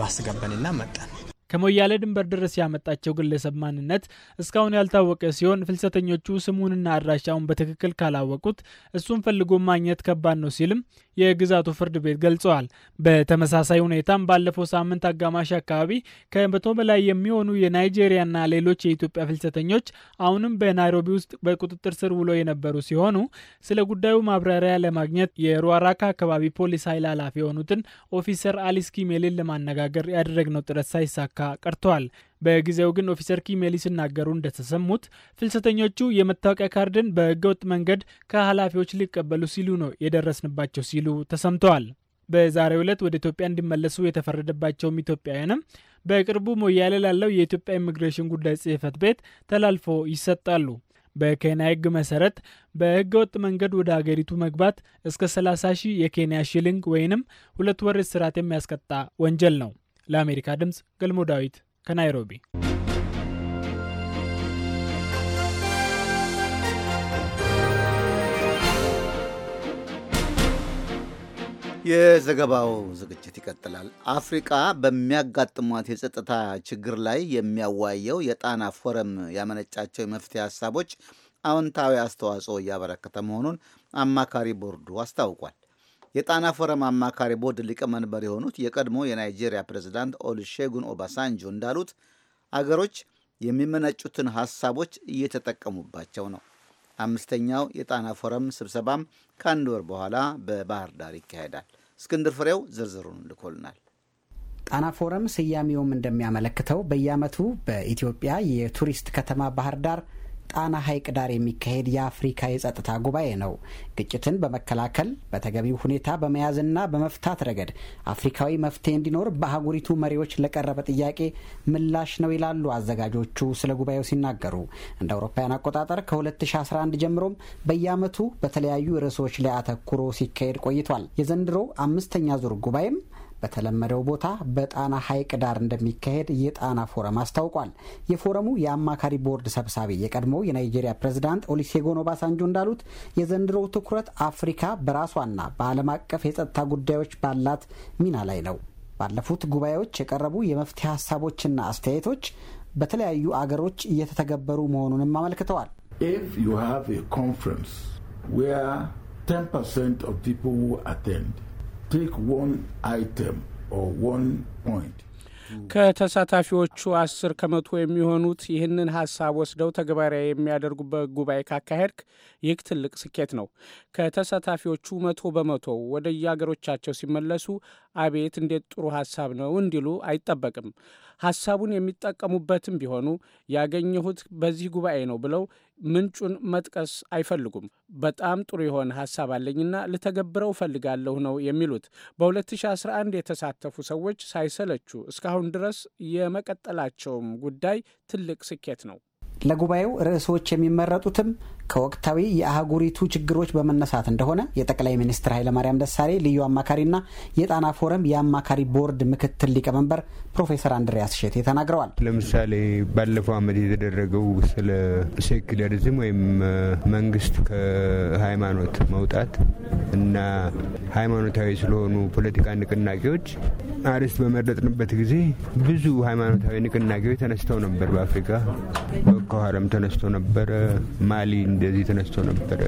ባስ ገባንና መጣን። ከሞያሌ ድንበር ድረስ ያመጣቸው ግለሰብ ማንነት እስካሁን ያልታወቀ ሲሆን ፍልሰተኞቹ ስሙንና አድራሻውን በትክክል ካላወቁት እሱን ፈልጎ ማግኘት ከባድ ነው ሲልም የግዛቱ ፍርድ ቤት ገልጸዋል። በተመሳሳይ ሁኔታም ባለፈው ሳምንት አጋማሽ አካባቢ ከመቶ በላይ የሚሆኑ የናይጄሪያና ሌሎች የኢትዮጵያ ፍልሰተኞች አሁንም በናይሮቢ ውስጥ በቁጥጥር ስር ውሎ የነበሩ ሲሆኑ ስለ ጉዳዩ ማብራሪያ ለማግኘት የሩዋራካ አካባቢ ፖሊስ ኃይል ኃላፊ የሆኑትን ኦፊሰር አሊስ ኪሜሌን ለማነጋገር ያደረግነው ጥረት ሳይሳካ ሳይሳካ ቀርተዋል። በጊዜው ግን ኦፊሰር ኪሜሊ ሲናገሩ እንደተሰሙት ፍልሰተኞቹ የመታወቂያ ካርድን በህገወጥ መንገድ ከኃላፊዎች ሊቀበሉ ሲሉ ነው የደረስንባቸው ሲሉ ተሰምተዋል። በዛሬው ዕለት ወደ ኢትዮጵያ እንዲመለሱ የተፈረደባቸውም ኢትዮጵያውያንም በቅርቡ ሞያሌ ላለው የኢትዮጵያ ኢሚግሬሽን ጉዳይ ጽህፈት ቤት ተላልፎ ይሰጣሉ። በኬንያ ህግ መሰረት በህገ ወጥ መንገድ ወደ አገሪቱ መግባት እስከ 30 ሺህ የኬንያ ሺሊንግ ወይንም ሁለት ወር እስራት የሚያስቀጣ ወንጀል ነው። ለአሜሪካ ድምፅ ገልሞ ዳዊት ከናይሮቢ የዘገባው ዝግጅት ይቀጥላል። አፍሪቃ በሚያጋጥሟት የጸጥታ ችግር ላይ የሚያዋየው የጣና ፎረም ያመነጫቸው የመፍትሄ ሀሳቦች አዎንታዊ አስተዋጽኦ እያበረከተ መሆኑን አማካሪ ቦርዱ አስታውቋል። የጣና ፎረም አማካሪ ቦርድ ሊቀመንበር የሆኑት የቀድሞ የናይጄሪያ ፕሬዚዳንት ኦልሼጉን ኦባሳንጆ እንዳሉት አገሮች የሚመነጩትን ሀሳቦች እየተጠቀሙባቸው ነው። አምስተኛው የጣና ፎረም ስብሰባም ከአንድ ወር በኋላ በባህር ዳር ይካሄዳል። እስክንድር ፍሬው ዝርዝሩን ልኮልናል። ጣና ፎረም ስያሜውም እንደሚያመለክተው በየዓመቱ በኢትዮጵያ የቱሪስት ከተማ ባህር ዳር ጣና ሐይቅ ዳር የሚካሄድ የአፍሪካ የጸጥታ ጉባኤ ነው። ግጭትን በመከላከል በተገቢው ሁኔታ በመያዝና በመፍታት ረገድ አፍሪካዊ መፍትሄ እንዲኖር በአህጉሪቱ መሪዎች ለቀረበ ጥያቄ ምላሽ ነው ይላሉ አዘጋጆቹ ስለ ጉባኤው ሲናገሩ። እንደ አውሮፓውያን አቆጣጠር ከ2011 ጀምሮም በየዓመቱ በተለያዩ ርዕሶች ላይ አተኩሮ ሲካሄድ ቆይቷል። የዘንድሮ አምስተኛ ዙር ጉባኤም በተለመደው ቦታ በጣና ሐይቅ ዳር እንደሚካሄድ የጣና ፎረም አስታውቋል። የፎረሙ የአማካሪ ቦርድ ሰብሳቢ የቀድሞው የናይጄሪያ ፕሬዝዳንት ኦሊሴጎን ኦባሳንጆ እንዳሉት የዘንድሮው ትኩረት አፍሪካ በራሷና በዓለም አቀፍ የጸጥታ ጉዳዮች ባላት ሚና ላይ ነው። ባለፉት ጉባኤዎች የቀረቡ የመፍትሄ ሀሳቦችና አስተያየቶች በተለያዩ አገሮች እየተተገበሩ መሆኑንም አመልክተዋል። ኢፍ ዩ have a conference 10% of people who አቴንድ take one item or one point ከተሳታፊዎቹ አስር ከመቶ የሚሆኑት ይህንን ሀሳብ ወስደው ተግባራዊ የሚያደርጉበት ጉባኤ ካካሄድክ ይህ ትልቅ ስኬት ነው። ከተሳታፊዎቹ መቶ በመቶ ወደ የአገሮቻቸው ሲመለሱ አቤት እንዴት ጥሩ ሀሳብ ነው እንዲሉ አይጠበቅም። ሐሳቡን የሚጠቀሙበትም ቢሆኑ ያገኘሁት በዚህ ጉባኤ ነው ብለው ምንጩን መጥቀስ አይፈልጉም። በጣም ጥሩ የሆነ ሐሳብ አለኝና ልተገብረው እፈልጋለሁ ነው የሚሉት። በ2011 የተሳተፉ ሰዎች ሳይሰለቹ እስካሁን ድረስ የመቀጠላቸውም ጉዳይ ትልቅ ስኬት ነው። ለጉባኤው ርዕሶች የሚመረጡትም ከወቅታዊ የአህጉሪቱ ችግሮች በመነሳት እንደሆነ የጠቅላይ ሚኒስትር ኃይለማርያም ደሳሌ ልዩ አማካሪና የጣና ፎረም የአማካሪ ቦርድ ምክትል ሊቀመንበር ፕሮፌሰር አንድሪያስ ሸቴ ተናግረዋል። ለምሳሌ ባለፈው ዓመት የተደረገው ስለ ሴኩለሪዝም ወይም መንግስት ከሃይማኖት መውጣት እና ሃይማኖታዊ ስለሆኑ ፖለቲካ ንቅናቄዎች አርዕስት በመረጥንበት ጊዜ ብዙ ሃይማኖታዊ ንቅናቄዎች ተነስተው ነበር። በአፍሪካ ቦኮ ሀረም ተነስቶ ነበረ። ማሊ እንደዚህ ተነስቶ ነበር።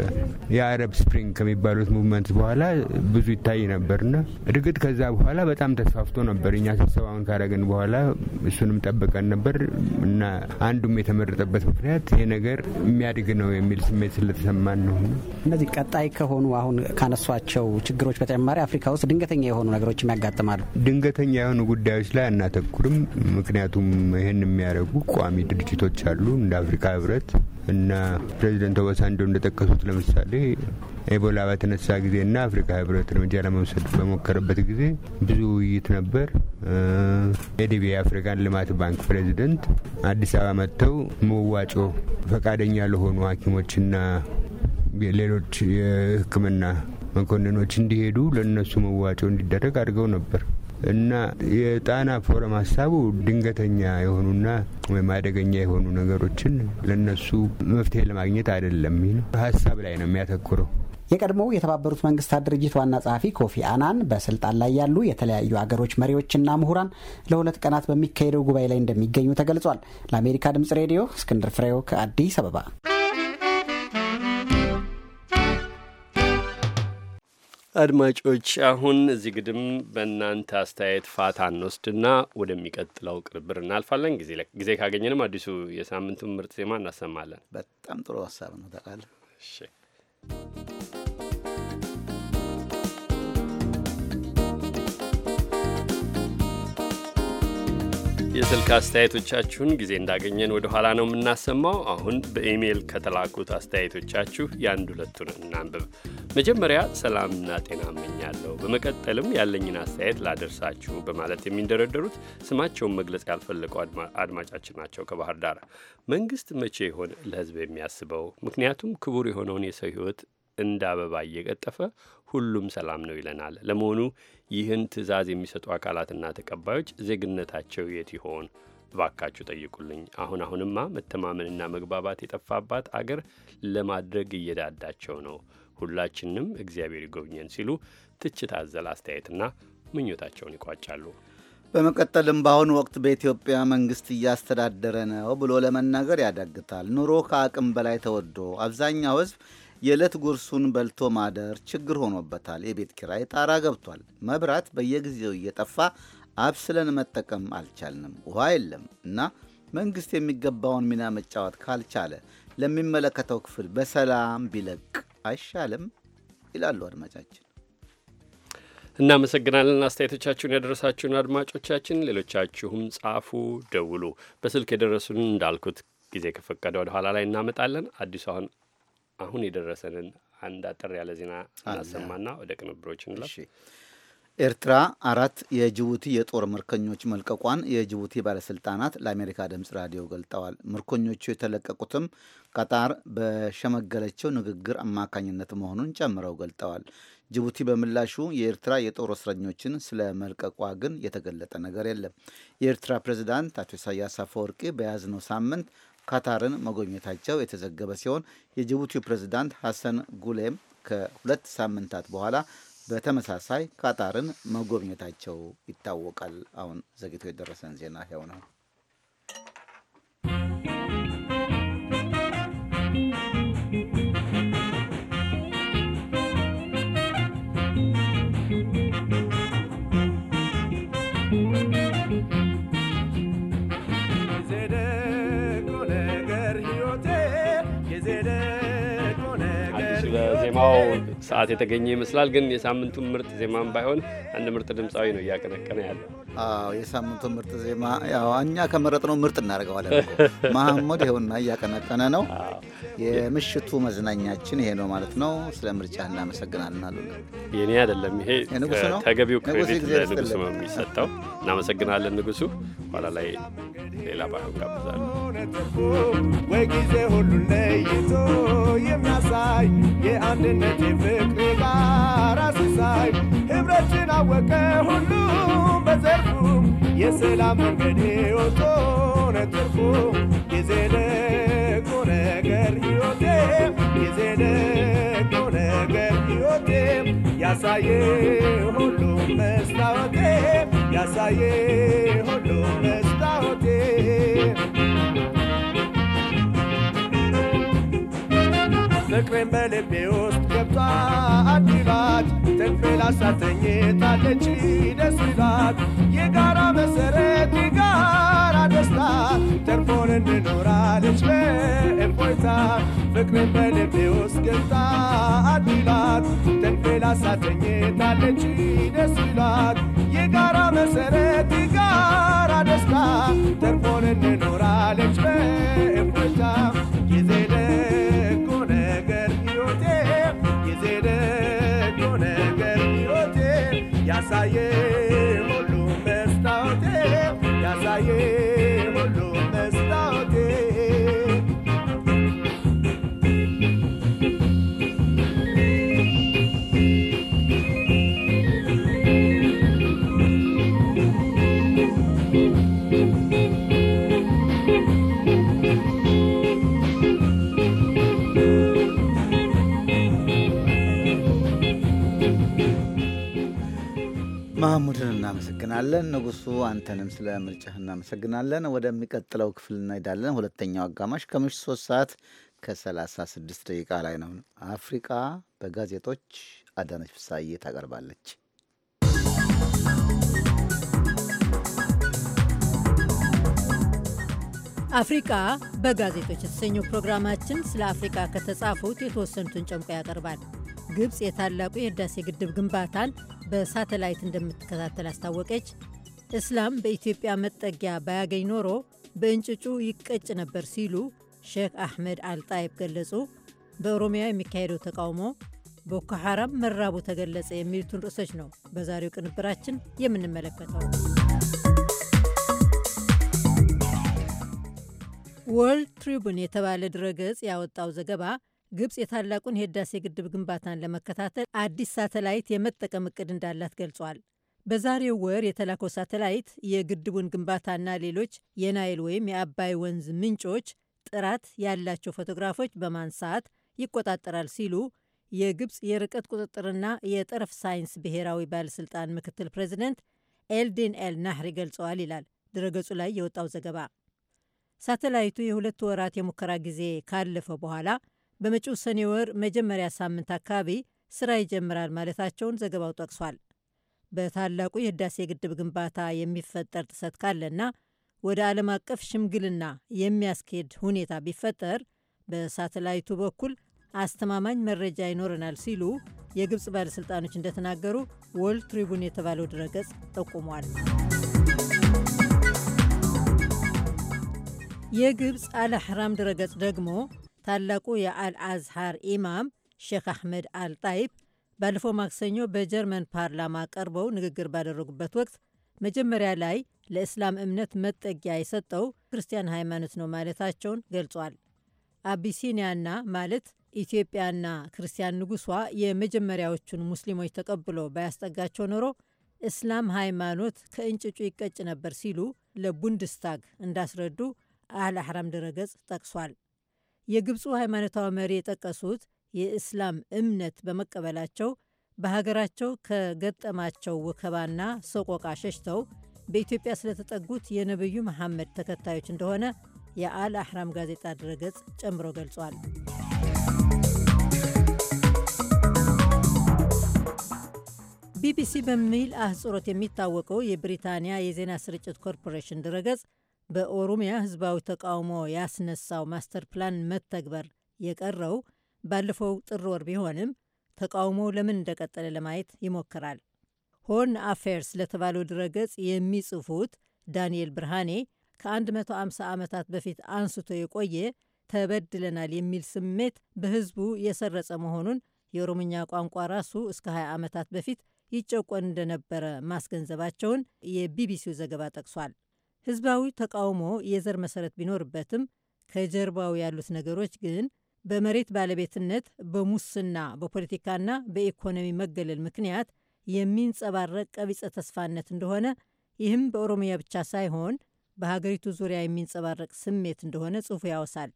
የአረብ ስፕሪንግ ከሚባሉት ሙቭመንት በኋላ ብዙ ይታይ ነበርና እርግጥ ከዛ በኋላ በጣም ተስፋፍቶ ነበር። እኛ ስብሰባውን ካረግን በኋላ እሱንም ጠብቀን ነበር እና አንዱም የተመረጠበት ምክንያት ይሄ ነገር የሚያድግ ነው የሚል ስሜት ስለተሰማን ነው። እነዚህ ቀጣይ ከሆኑ አሁን ካነሷቸው ችግሮች በተጨማሪ አፍሪካ ውስጥ ድንገተኛ የሆኑ ነገሮች ያጋጥማሉ። ድንገተኛ የሆኑ ጉዳዮች ላይ አናተኩርም። ምክንያቱም ይህን የሚያደርጉ ቋሚ ድርጅቶች አሉ እንደ አፍሪካ ህብረት እና ፕሬዚደንት ኦባሳንዶ እንደጠቀሱት ለምሳሌ ኤቦላ በተነሳ ጊዜና አፍሪካ ህብረት እርምጃ ለመውሰድ በሞከረበት ጊዜ ብዙ ውይይት ነበር። ኤዲቢ የአፍሪካን ልማት ባንክ ፕሬዚደንት አዲስ አበባ መጥተው መዋጮ ፈቃደኛ ለሆኑ ሐኪሞችና ሌሎች የህክምና መኮንኖች እንዲሄዱ ለእነሱ መዋጮ እንዲደረግ አድርገው ነበር። እና የጣና ፎረም ሀሳቡ ድንገተኛ የሆኑና ወይም አደገኛ የሆኑ ነገሮችን ለነሱ መፍትሄ ለማግኘት አይደለም። ሀሳብ ላይ ነው የሚያተኩረው። የቀድሞው የተባበሩት መንግስታት ድርጅት ዋና ጸሐፊ ኮፊ አናን በስልጣን ላይ ያሉ የተለያዩ አገሮች መሪዎችና ምሁራን ለሁለት ቀናት በሚካሄደው ጉባኤ ላይ እንደሚገኙ ተገልጿል። ለአሜሪካ ድምጽ ሬዲዮ እስክንድር ፍሬው ከአዲስ አበባ አድማጮች አሁን እዚህ ግድም በእናንተ አስተያየት ፋታ እንወስድና ወደሚቀጥለው ቅርብር እናልፋለን። ጊዜ ካገኘንም አዲሱ የሳምንቱን ምርጥ ዜማ እናሰማለን። በጣም ጥሩ ሀሳብ ነው። ታውቃለህ። እሺ የስልክ አስተያየቶቻችሁን ጊዜ እንዳገኘን ወደ ኋላ ነው የምናሰማው። አሁን በኢሜይል ከተላኩት አስተያየቶቻችሁ የአንድ ሁለቱን እናንብብ። መጀመሪያ ሰላምና ጤና እመኛለሁ፣ በመቀጠልም ያለኝን አስተያየት ላደርሳችሁ በማለት የሚንደረደሩት ስማቸውን መግለጽ ያልፈለቁ አድማጫችን ናቸው ከባህር ዳር። መንግስት መቼ ይሆን ለህዝብ የሚያስበው? ምክንያቱም ክቡር የሆነውን የሰው ህይወት እንደ አበባ እየቀጠፈ ሁሉም ሰላም ነው ይለናል። ለመሆኑ ይህን ትዕዛዝ የሚሰጡ አካላትና ተቀባዮች ዜግነታቸው የት ይሆን? እባካችሁ ጠይቁልኝ። አሁን አሁንማ መተማመንና መግባባት የጠፋባት አገር ለማድረግ እየዳዳቸው ነው። ሁላችንም እግዚአብሔር ይጎብኘን ሲሉ ትችት አዘል አስተያየትና ምኞታቸውን ይቋጫሉ። በመቀጠልም በአሁኑ ወቅት በኢትዮጵያ መንግስት እያስተዳደረ ነው ብሎ ለመናገር ያዳግታል። ኑሮ ከአቅም በላይ ተወዶ አብዛኛው ህዝብ? የዕለት ጉርሱን በልቶ ማደር ችግር ሆኖበታል። የቤት ኪራይ ጣራ ገብቷል። መብራት በየጊዜው እየጠፋ አብስለን መጠቀም አልቻልንም። ውሃ የለም እና መንግሥት የሚገባውን ሚና መጫወት ካልቻለ ለሚመለከተው ክፍል በሰላም ቢለቅ አይሻልም? ይላሉ አድማጫችን። እናመሰግናለን። አስተያየቶቻችሁን ያደረሳችሁን አድማጮቻችን፣ ሌሎቻችሁም ጻፉ፣ ደውሉ። በስልክ የደረሱን እንዳልኩት ጊዜ ከፈቀደ ወደ ኋላ ላይ እናመጣለን። አዲሱ አሁን አሁን የደረሰንን አንድ አጠር ያለ ዜና እናሰማና ወደ ቅንብሮች እንለፍ። ኤርትራ አራት የጅቡቲ የጦር ምርኮኞች መልቀቋን የጅቡቲ ባለስልጣናት ለአሜሪካ ድምፅ ራዲዮ ገልጠዋል። ምርኮኞቹ የተለቀቁትም ቀጣር በሸመገለችው ንግግር አማካኝነት መሆኑን ጨምረው ገልጠዋል። ጅቡቲ በምላሹ የኤርትራ የጦር እስረኞችን ስለ መልቀቋ ግን የተገለጠ ነገር የለም። የኤርትራ ፕሬዚዳንት አቶ ኢሳያስ አፈወርቂ በያዝነው ሳምንት ካታርን መጎብኘታቸው የተዘገበ ሲሆን የጅቡቲው ፕሬዝዳንት ሐሰን ጉሌም ከሁለት ሳምንታት በኋላ በተመሳሳይ ካታርን መጎብኘታቸው ይታወቃል። አሁን ዘግይቶ የደረሰን ዜና ያው ነው። ሰዓት የተገኘ ይመስላል። ግን የሳምንቱን ምርጥ ዜማም ባይሆን አንድ ምርጥ ድምፃዊ ነው እያቀነቀነ ያለ። አዎ የሳምንቱ ምርጥ ዜማ ያው እኛ ከመረጥ ነው ምርጥ እናደርገዋለን። መሐመድ ይኸውና እያቀነቀነ ነው። የምሽቱ መዝናኛችን ይሄ ነው ማለት ነው። ስለ ምርጫ እናመሰግናለን። አሉ የኔ አይደለም ይሄ ተገቢው ክሬዲት ለንጉሱ ነው የሚሰጠው። እናመሰግናለን ንጉሱ። ኋላ ላይ ሌላ ባይሆን ጋብዛለሁ ወይ ጊዜ ሁሉ ለይቶ የሚያሳይ የአንድነት ከፍቅሬ ጋር ሲሳይ ኅብረትን አወቀ ሁሉም በዘርፉ የሰላም መንገድ ወቶ ነትርፉ የዘለቁ ነገር ሕይወቴ የዘለቁ ነገር ሕይወቴ ያሳየ ሁሉም መስታወቴ ያሳየ ሁሉም መስታወቴ ፍቅሬን በልቤ ሳተኝታለች ደስ ይላት የጋራ መሰረት የጋራ ደስታ ተርፎን እንኖራለች በእፎይታ ፍቅርን በልቤ ውስጥ ገልጣ አድላት ተንፌላ ሳተኝታለች ደስ ይላት የጋራ መሰረት የጋራ ደስታ ተርፎን እንኖራለች በእፎይታ እናመሰግናለን ንጉሱ፣ አንተንም ስለ ምርጫህ እናመሰግናለን። ወደሚቀጥለው ክፍል እንሄዳለን። ሁለተኛው አጋማሽ ከምሽት ሶስት ሰዓት ከ36 ደቂቃ ላይ ነው። አፍሪቃ በጋዜጦች አዳነች ፍሳዬ ታቀርባለች። አፍሪቃ በጋዜጦች የተሰኘው ፕሮግራማችን ስለ አፍሪቃ ከተጻፉት የተወሰኑትን ጨምቆ ያቀርባል። ግብፅ የታላቁ የህዳሴ ግድብ ግንባታን በሳተላይት እንደምትከታተል አስታወቀች። እስላም በኢትዮጵያ መጠጊያ ባያገኝ ኖሮ በእንጭጩ ይቀጭ ነበር ሲሉ ሼክ አሕመድ አልጣይብ ገለጹ። በኦሮሚያ የሚካሄደው ተቃውሞ ቦኮ ሐራም መራቡ ተገለጸ። የሚሉትን ርዕሶች ነው በዛሬው ቅንብራችን የምንመለከተው። ወርልድ ትሪቡን የተባለ ድረገጽ ያወጣው ዘገባ ግብፅ የታላቁን የህዳሴ ግድብ ግንባታን ለመከታተል አዲስ ሳተላይት የመጠቀም እቅድ እንዳላት ገልጿል። በዛሬው ወር የተላከው ሳተላይት የግድቡን ግንባታና ሌሎች የናይል ወይም የአባይ ወንዝ ምንጮች ጥራት ያላቸው ፎቶግራፎች በማንሳት ይቆጣጠራል ሲሉ የግብፅ የርቀት ቁጥጥርና የጠረፍ ሳይንስ ብሔራዊ ባለሥልጣን ምክትል ፕሬዚደንት ኤልዲን ኤል ናህሪ ገልጸዋል ይላል ድረገጹ ላይ የወጣው ዘገባ። ሳተላይቱ የሁለት ወራት የሙከራ ጊዜ ካለፈ በኋላ በመጪው ሰኔ ወር መጀመሪያ ሳምንት አካባቢ ስራ ይጀምራል ማለታቸውን ዘገባው ጠቅሷል። በታላቁ የህዳሴ ግድብ ግንባታ የሚፈጠር ጥሰት ካለና ወደ ዓለም አቀፍ ሽምግልና የሚያስኬድ ሁኔታ ቢፈጠር በሳተላይቱ በኩል አስተማማኝ መረጃ ይኖረናል ሲሉ የግብፅ ባለሥልጣኖች እንደተናገሩ ወልድ ትሪቡን የተባለው ድረገጽ ጠቁሟል። የግብፅ አልአሕራም ድረገጽ ደግሞ ታላቁ የአልአዝሃር ኢማም ሼክ አሕመድ አልጣይብ ባለፈው ማክሰኞ በጀርመን ፓርላማ ቀርበው ንግግር ባደረጉበት ወቅት መጀመሪያ ላይ ለእስላም እምነት መጠጊያ የሰጠው ክርስቲያን ሃይማኖት ነው ማለታቸውን ገልጿል። አቢሲኒያና ማለት ኢትዮጵያና ክርስቲያን ንጉሷ የመጀመሪያዎቹን ሙስሊሞች ተቀብሎ ባያስጠጋቸው ኖሮ እስላም ሃይማኖት ከእንጭጩ ይቀጭ ነበር ሲሉ ለቡንድስታግ እንዳስረዱ አህል አሕራም ድረገጽ ጠቅሷል። የግብፁ ሃይማኖታዊ መሪ የጠቀሱት የእስላም እምነት በመቀበላቸው በሀገራቸው ከገጠማቸው ወከባና ሰቆቃ ሸሽተው በኢትዮጵያ ስለተጠጉት የነቢዩ መሐመድ ተከታዮች እንደሆነ የአል አህራም ጋዜጣ ድረገጽ ጨምሮ ገልጿል። ቢቢሲ በሚል አህጽሮት የሚታወቀው የብሪታንያ የዜና ስርጭት ኮርፖሬሽን ድረገጽ በኦሮሚያ ህዝባዊ ተቃውሞ ያስነሳው ማስተር ፕላን መተግበር የቀረው ባለፈው ጥር ወር ቢሆንም ተቃውሞ ለምን እንደቀጠለ ለማየት ይሞክራል። ሆን አፌርስ ለተባለው ድረገጽ የሚጽፉት ዳንኤል ብርሃኔ ከ150 ዓመታት በፊት አንስቶ የቆየ ተበድለናል የሚል ስሜት በህዝቡ የሰረጸ መሆኑን የኦሮምኛ ቋንቋ ራሱ እስከ 20 ዓመታት በፊት ይጨቆን እንደነበረ ማስገንዘባቸውን የቢቢሲው ዘገባ ጠቅሷል። ህዝባዊ ተቃውሞ የዘር መሰረት ቢኖርበትም ከጀርባው ያሉት ነገሮች ግን በመሬት ባለቤትነት፣ በሙስና፣ በፖለቲካና በኢኮኖሚ መገለል ምክንያት የሚንጸባረቅ ቀቢጸ ተስፋነት እንደሆነ ይህም በኦሮሚያ ብቻ ሳይሆን በሀገሪቱ ዙሪያ የሚንጸባረቅ ስሜት እንደሆነ ጽሑፉ ያወሳል።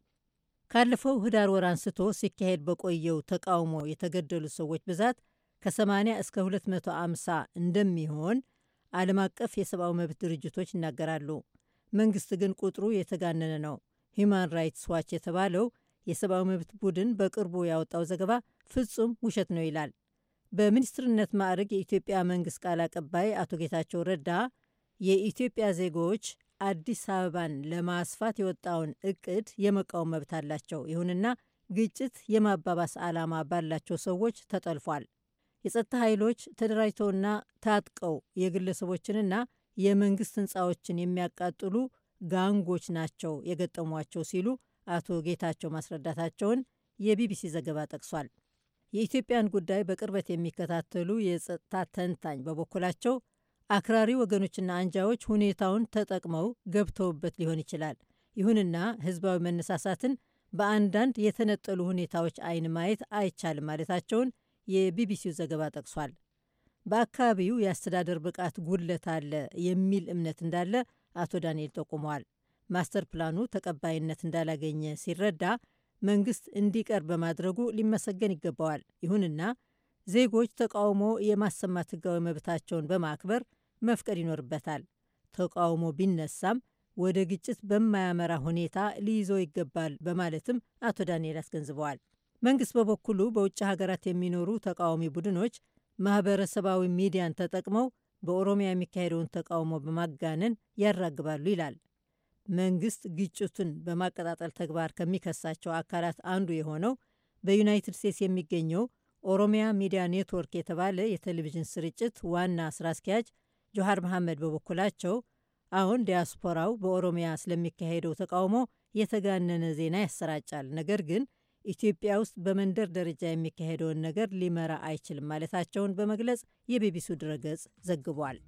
ካለፈው ህዳር ወር አንስቶ ሲካሄድ በቆየው ተቃውሞ የተገደሉ ሰዎች ብዛት ከ80 እስከ 250 እንደሚሆን ዓለም አቀፍ የሰብአዊ መብት ድርጅቶች ይናገራሉ። መንግስት ግን ቁጥሩ የተጋነነ ነው። ሂዩማን ራይትስ ዋች የተባለው የሰብአዊ መብት ቡድን በቅርቡ ያወጣው ዘገባ ፍጹም ውሸት ነው ይላል። በሚኒስትርነት ማዕረግ የኢትዮጵያ መንግስት ቃል አቀባይ አቶ ጌታቸው ረዳ የኢትዮጵያ ዜጎች አዲስ አበባን ለማስፋት የወጣውን እቅድ የመቃወም መብት አላቸው። ይሁንና ግጭት የማባባስ ዓላማ ባላቸው ሰዎች ተጠልፏል። የጸጥታ ኃይሎች ተደራጅተውና ታጥቀው የግለሰቦችንና የመንግስት ህንፃዎችን የሚያቃጥሉ ጋንጎች ናቸው የገጠሟቸው ሲሉ አቶ ጌታቸው ማስረዳታቸውን የቢቢሲ ዘገባ ጠቅሷል። የኢትዮጵያን ጉዳይ በቅርበት የሚከታተሉ የጸጥታ ተንታኝ በበኩላቸው አክራሪ ወገኖችና አንጃዎች ሁኔታውን ተጠቅመው ገብተውበት ሊሆን ይችላል። ይሁንና ህዝባዊ መነሳሳትን በአንዳንድ የተነጠሉ ሁኔታዎች አይን ማየት አይቻልም ማለታቸውን የቢቢሲው ዘገባ ጠቅሷል። በአካባቢው የአስተዳደር ብቃት ጉድለት አለ የሚል እምነት እንዳለ አቶ ዳንኤል ጠቁመዋል። ማስተር ፕላኑ ተቀባይነት እንዳላገኘ ሲረዳ መንግስት እንዲቀርብ በማድረጉ ሊመሰገን ይገባዋል። ይሁንና ዜጎች ተቃውሞ የማሰማት ህጋዊ መብታቸውን በማክበር መፍቀድ ይኖርበታል። ተቃውሞ ቢነሳም ወደ ግጭት በማያመራ ሁኔታ ሊይዘው ይገባል በማለትም አቶ ዳንኤል አስገንዝበዋል። መንግስት በበኩሉ በውጭ ሀገራት የሚኖሩ ተቃዋሚ ቡድኖች ማህበረሰባዊ ሚዲያን ተጠቅመው በኦሮሚያ የሚካሄደውን ተቃውሞ በማጋነን ያራግባሉ ይላል። መንግስት ግጭቱን በማቀጣጠል ተግባር ከሚከሳቸው አካላት አንዱ የሆነው በዩናይትድ ስቴትስ የሚገኘው ኦሮሚያ ሚዲያ ኔትወርክ የተባለ የቴሌቪዥን ስርጭት ዋና ስራ አስኪያጅ ጆሃር መሐመድ በበኩላቸው አሁን ዲያስፖራው በኦሮሚያ ስለሚካሄደው ተቃውሞ የተጋነነ ዜና ያሰራጫል፣ ነገር ግን ኢትዮጵያ ውስጥ በመንደር ደረጃ የሚካሄደውን ነገር ሊመራ አይችልም ማለታቸውን በመግለጽ የቢቢሲው ድረገጽ ዘግቧል።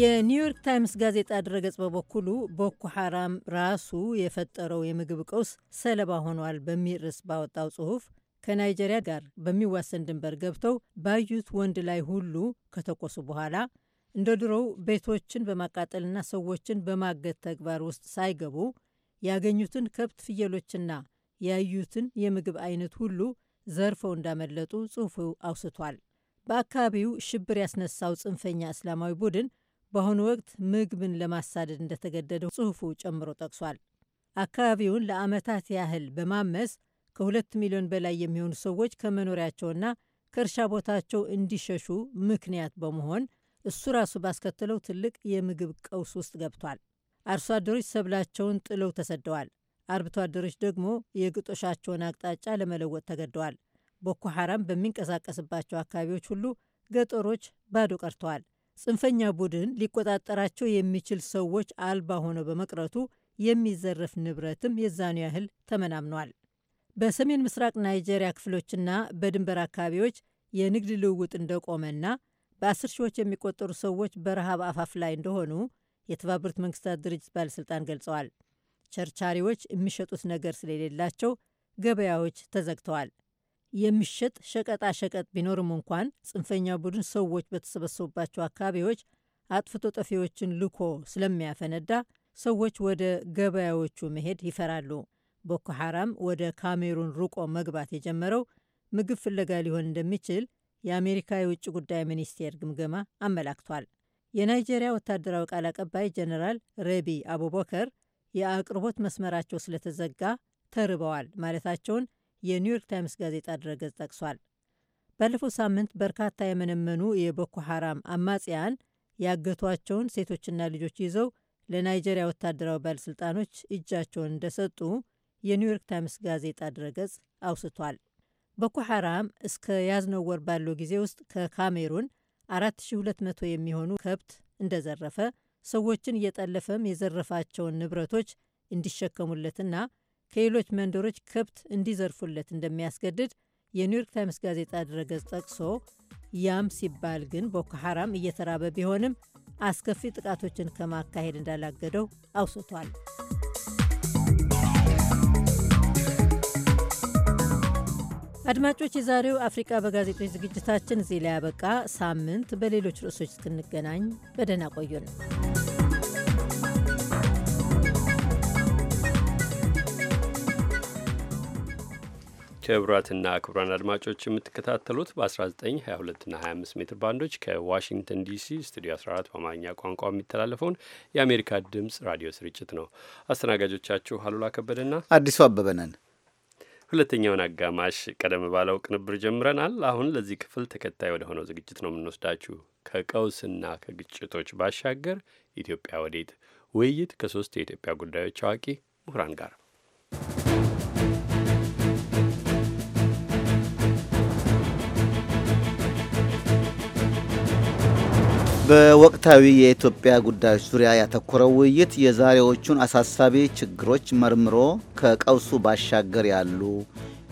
የኒውዮርክ ታይምስ ጋዜጣ ድረገጽ በበኩሉ ቦኮ ሐራም ራሱ የፈጠረው የምግብ ቀውስ ሰለባ ሆኗል በሚል ርዕስ ባወጣው ጽሑፍ ከናይጀሪያ ጋር በሚዋሰን ድንበር ገብተው ባዩት ወንድ ላይ ሁሉ ከተኮሱ በኋላ እንደ ድሮው ቤቶችን በማቃጠልና ሰዎችን በማገት ተግባር ውስጥ ሳይገቡ ያገኙትን ከብት፣ ፍየሎችና ያዩትን የምግብ አይነት ሁሉ ዘርፈው እንዳመለጡ ጽሑፉ አውስቷል። በአካባቢው ሽብር ያስነሳው ጽንፈኛ እስላማዊ ቡድን በአሁኑ ወቅት ምግብን ለማሳደድ እንደተገደደ ጽሑፉ ጨምሮ ጠቅሷል። አካባቢውን ለዓመታት ያህል በማመስ ከሁለት ሚሊዮን በላይ የሚሆኑ ሰዎች ከመኖሪያቸውና ከእርሻ ቦታቸው እንዲሸሹ ምክንያት በመሆን እሱ ራሱ ባስከተለው ትልቅ የምግብ ቀውስ ውስጥ ገብቷል። አርሶ አደሮች ሰብላቸውን ጥለው ተሰደዋል። አርብቶ አደሮች ደግሞ የግጦሻቸውን አቅጣጫ ለመለወጥ ተገደዋል። ቦኮ ሐራም በሚንቀሳቀስባቸው አካባቢዎች ሁሉ ገጠሮች ባዶ ቀርተዋል። ጽንፈኛ ቡድን ሊቆጣጠራቸው የሚችል ሰዎች አልባ ሆነው በመቅረቱ የሚዘረፍ ንብረትም የዛኑ ያህል ተመናምኗል። በሰሜን ምስራቅ ናይጄሪያ ክፍሎችና በድንበር አካባቢዎች የንግድ ልውውጥ እንደቆመና በአስር ሺዎች የሚቆጠሩ ሰዎች በረሃብ አፋፍ ላይ እንደሆኑ የተባበሩት መንግስታት ድርጅት ባለሥልጣን ገልጸዋል። ቸርቻሪዎች የሚሸጡት ነገር ስለሌላቸው ገበያዎች ተዘግተዋል። የሚሸጥ ሸቀጣ ሸቀጥ ቢኖርም እንኳን ጽንፈኛ ቡድን ሰዎች በተሰበሰቡባቸው አካባቢዎች አጥፍቶ ጠፊዎችን ልኮ ስለሚያፈነዳ ሰዎች ወደ ገበያዎቹ መሄድ ይፈራሉ። ቦኮ ሐራም ወደ ካሜሩን ሩቆ መግባት የጀመረው ምግብ ፍለጋ ሊሆን እንደሚችል የአሜሪካ የውጭ ጉዳይ ሚኒስቴር ግምገማ አመላክቷል። የናይጄሪያ ወታደራዊ ቃል አቀባይ ጀነራል ረቢ አቡበከር የአቅርቦት መስመራቸው ስለተዘጋ ተርበዋል ማለታቸውን የኒውዮርክ ታይምስ ጋዜጣ ድረገጽ ጠቅሷል። ባለፈው ሳምንት በርካታ የመነመኑ የቦኮ ሐራም አማጽያን ያገቷቸውን ሴቶችና ልጆች ይዘው ለናይጄሪያ ወታደራዊ ባለሥልጣኖች እጃቸውን እንደሰጡ የኒውዮርክ ታይምስ ጋዜጣ ድረገጽ አውስቷል። ቦኮ ሐራም እስከ ያዝነው ወር ባለው ጊዜ ውስጥ ከካሜሩን 4200 የሚሆኑ ከብት እንደዘረፈ፣ ሰዎችን እየጠለፈም የዘረፋቸውን ንብረቶች እንዲሸከሙለትና ከሌሎች መንደሮች ከብት እንዲዘርፉለት እንደሚያስገድድ የኒውዮርክ ታይምስ ጋዜጣ ድረገጽ ጠቅሶ ያም ሲባል ግን ቦኮ ሐራም እየተራበ ቢሆንም አስከፊ ጥቃቶችን ከማካሄድ እንዳላገደው አውስቷል። አድማጮች፣ የዛሬው አፍሪቃ በጋዜጦች ዝግጅታችን እዚህ ላይ ያበቃ። ሳምንት በሌሎች ርዕሶች እስክንገናኝ በደህና ቆዩን። ክቡራትና ክቡራን አድማጮች የምትከታተሉት በ 1922 25 ሜትር ባንዶች ከዋሽንግተን ዲሲ ስቱዲዮ 14 በአማርኛ ቋንቋ የሚተላለፈውን የአሜሪካ ድምፅ ራዲዮ ስርጭት ነው። አስተናጋጆቻችሁ አሉላ ከበደና አዲሱ አበበ ነን። ሁለተኛውን አጋማሽ ቀደም ባለው ቅንብር ጀምረናል። አሁን ለዚህ ክፍል ተከታይ ወደ ሆነው ዝግጅት ነው የምንወስዳችሁ። ከቀውስና ከግጭቶች ባሻገር ኢትዮጵያ ወዴት ውይይት ከሶስት የኢትዮጵያ ጉዳዮች አዋቂ ምሁራን ጋር በወቅታዊ የኢትዮጵያ ጉዳዮች ዙሪያ ያተኮረው ውይይት የዛሬዎቹን አሳሳቢ ችግሮች መርምሮ ከቀውሱ ባሻገር ያሉ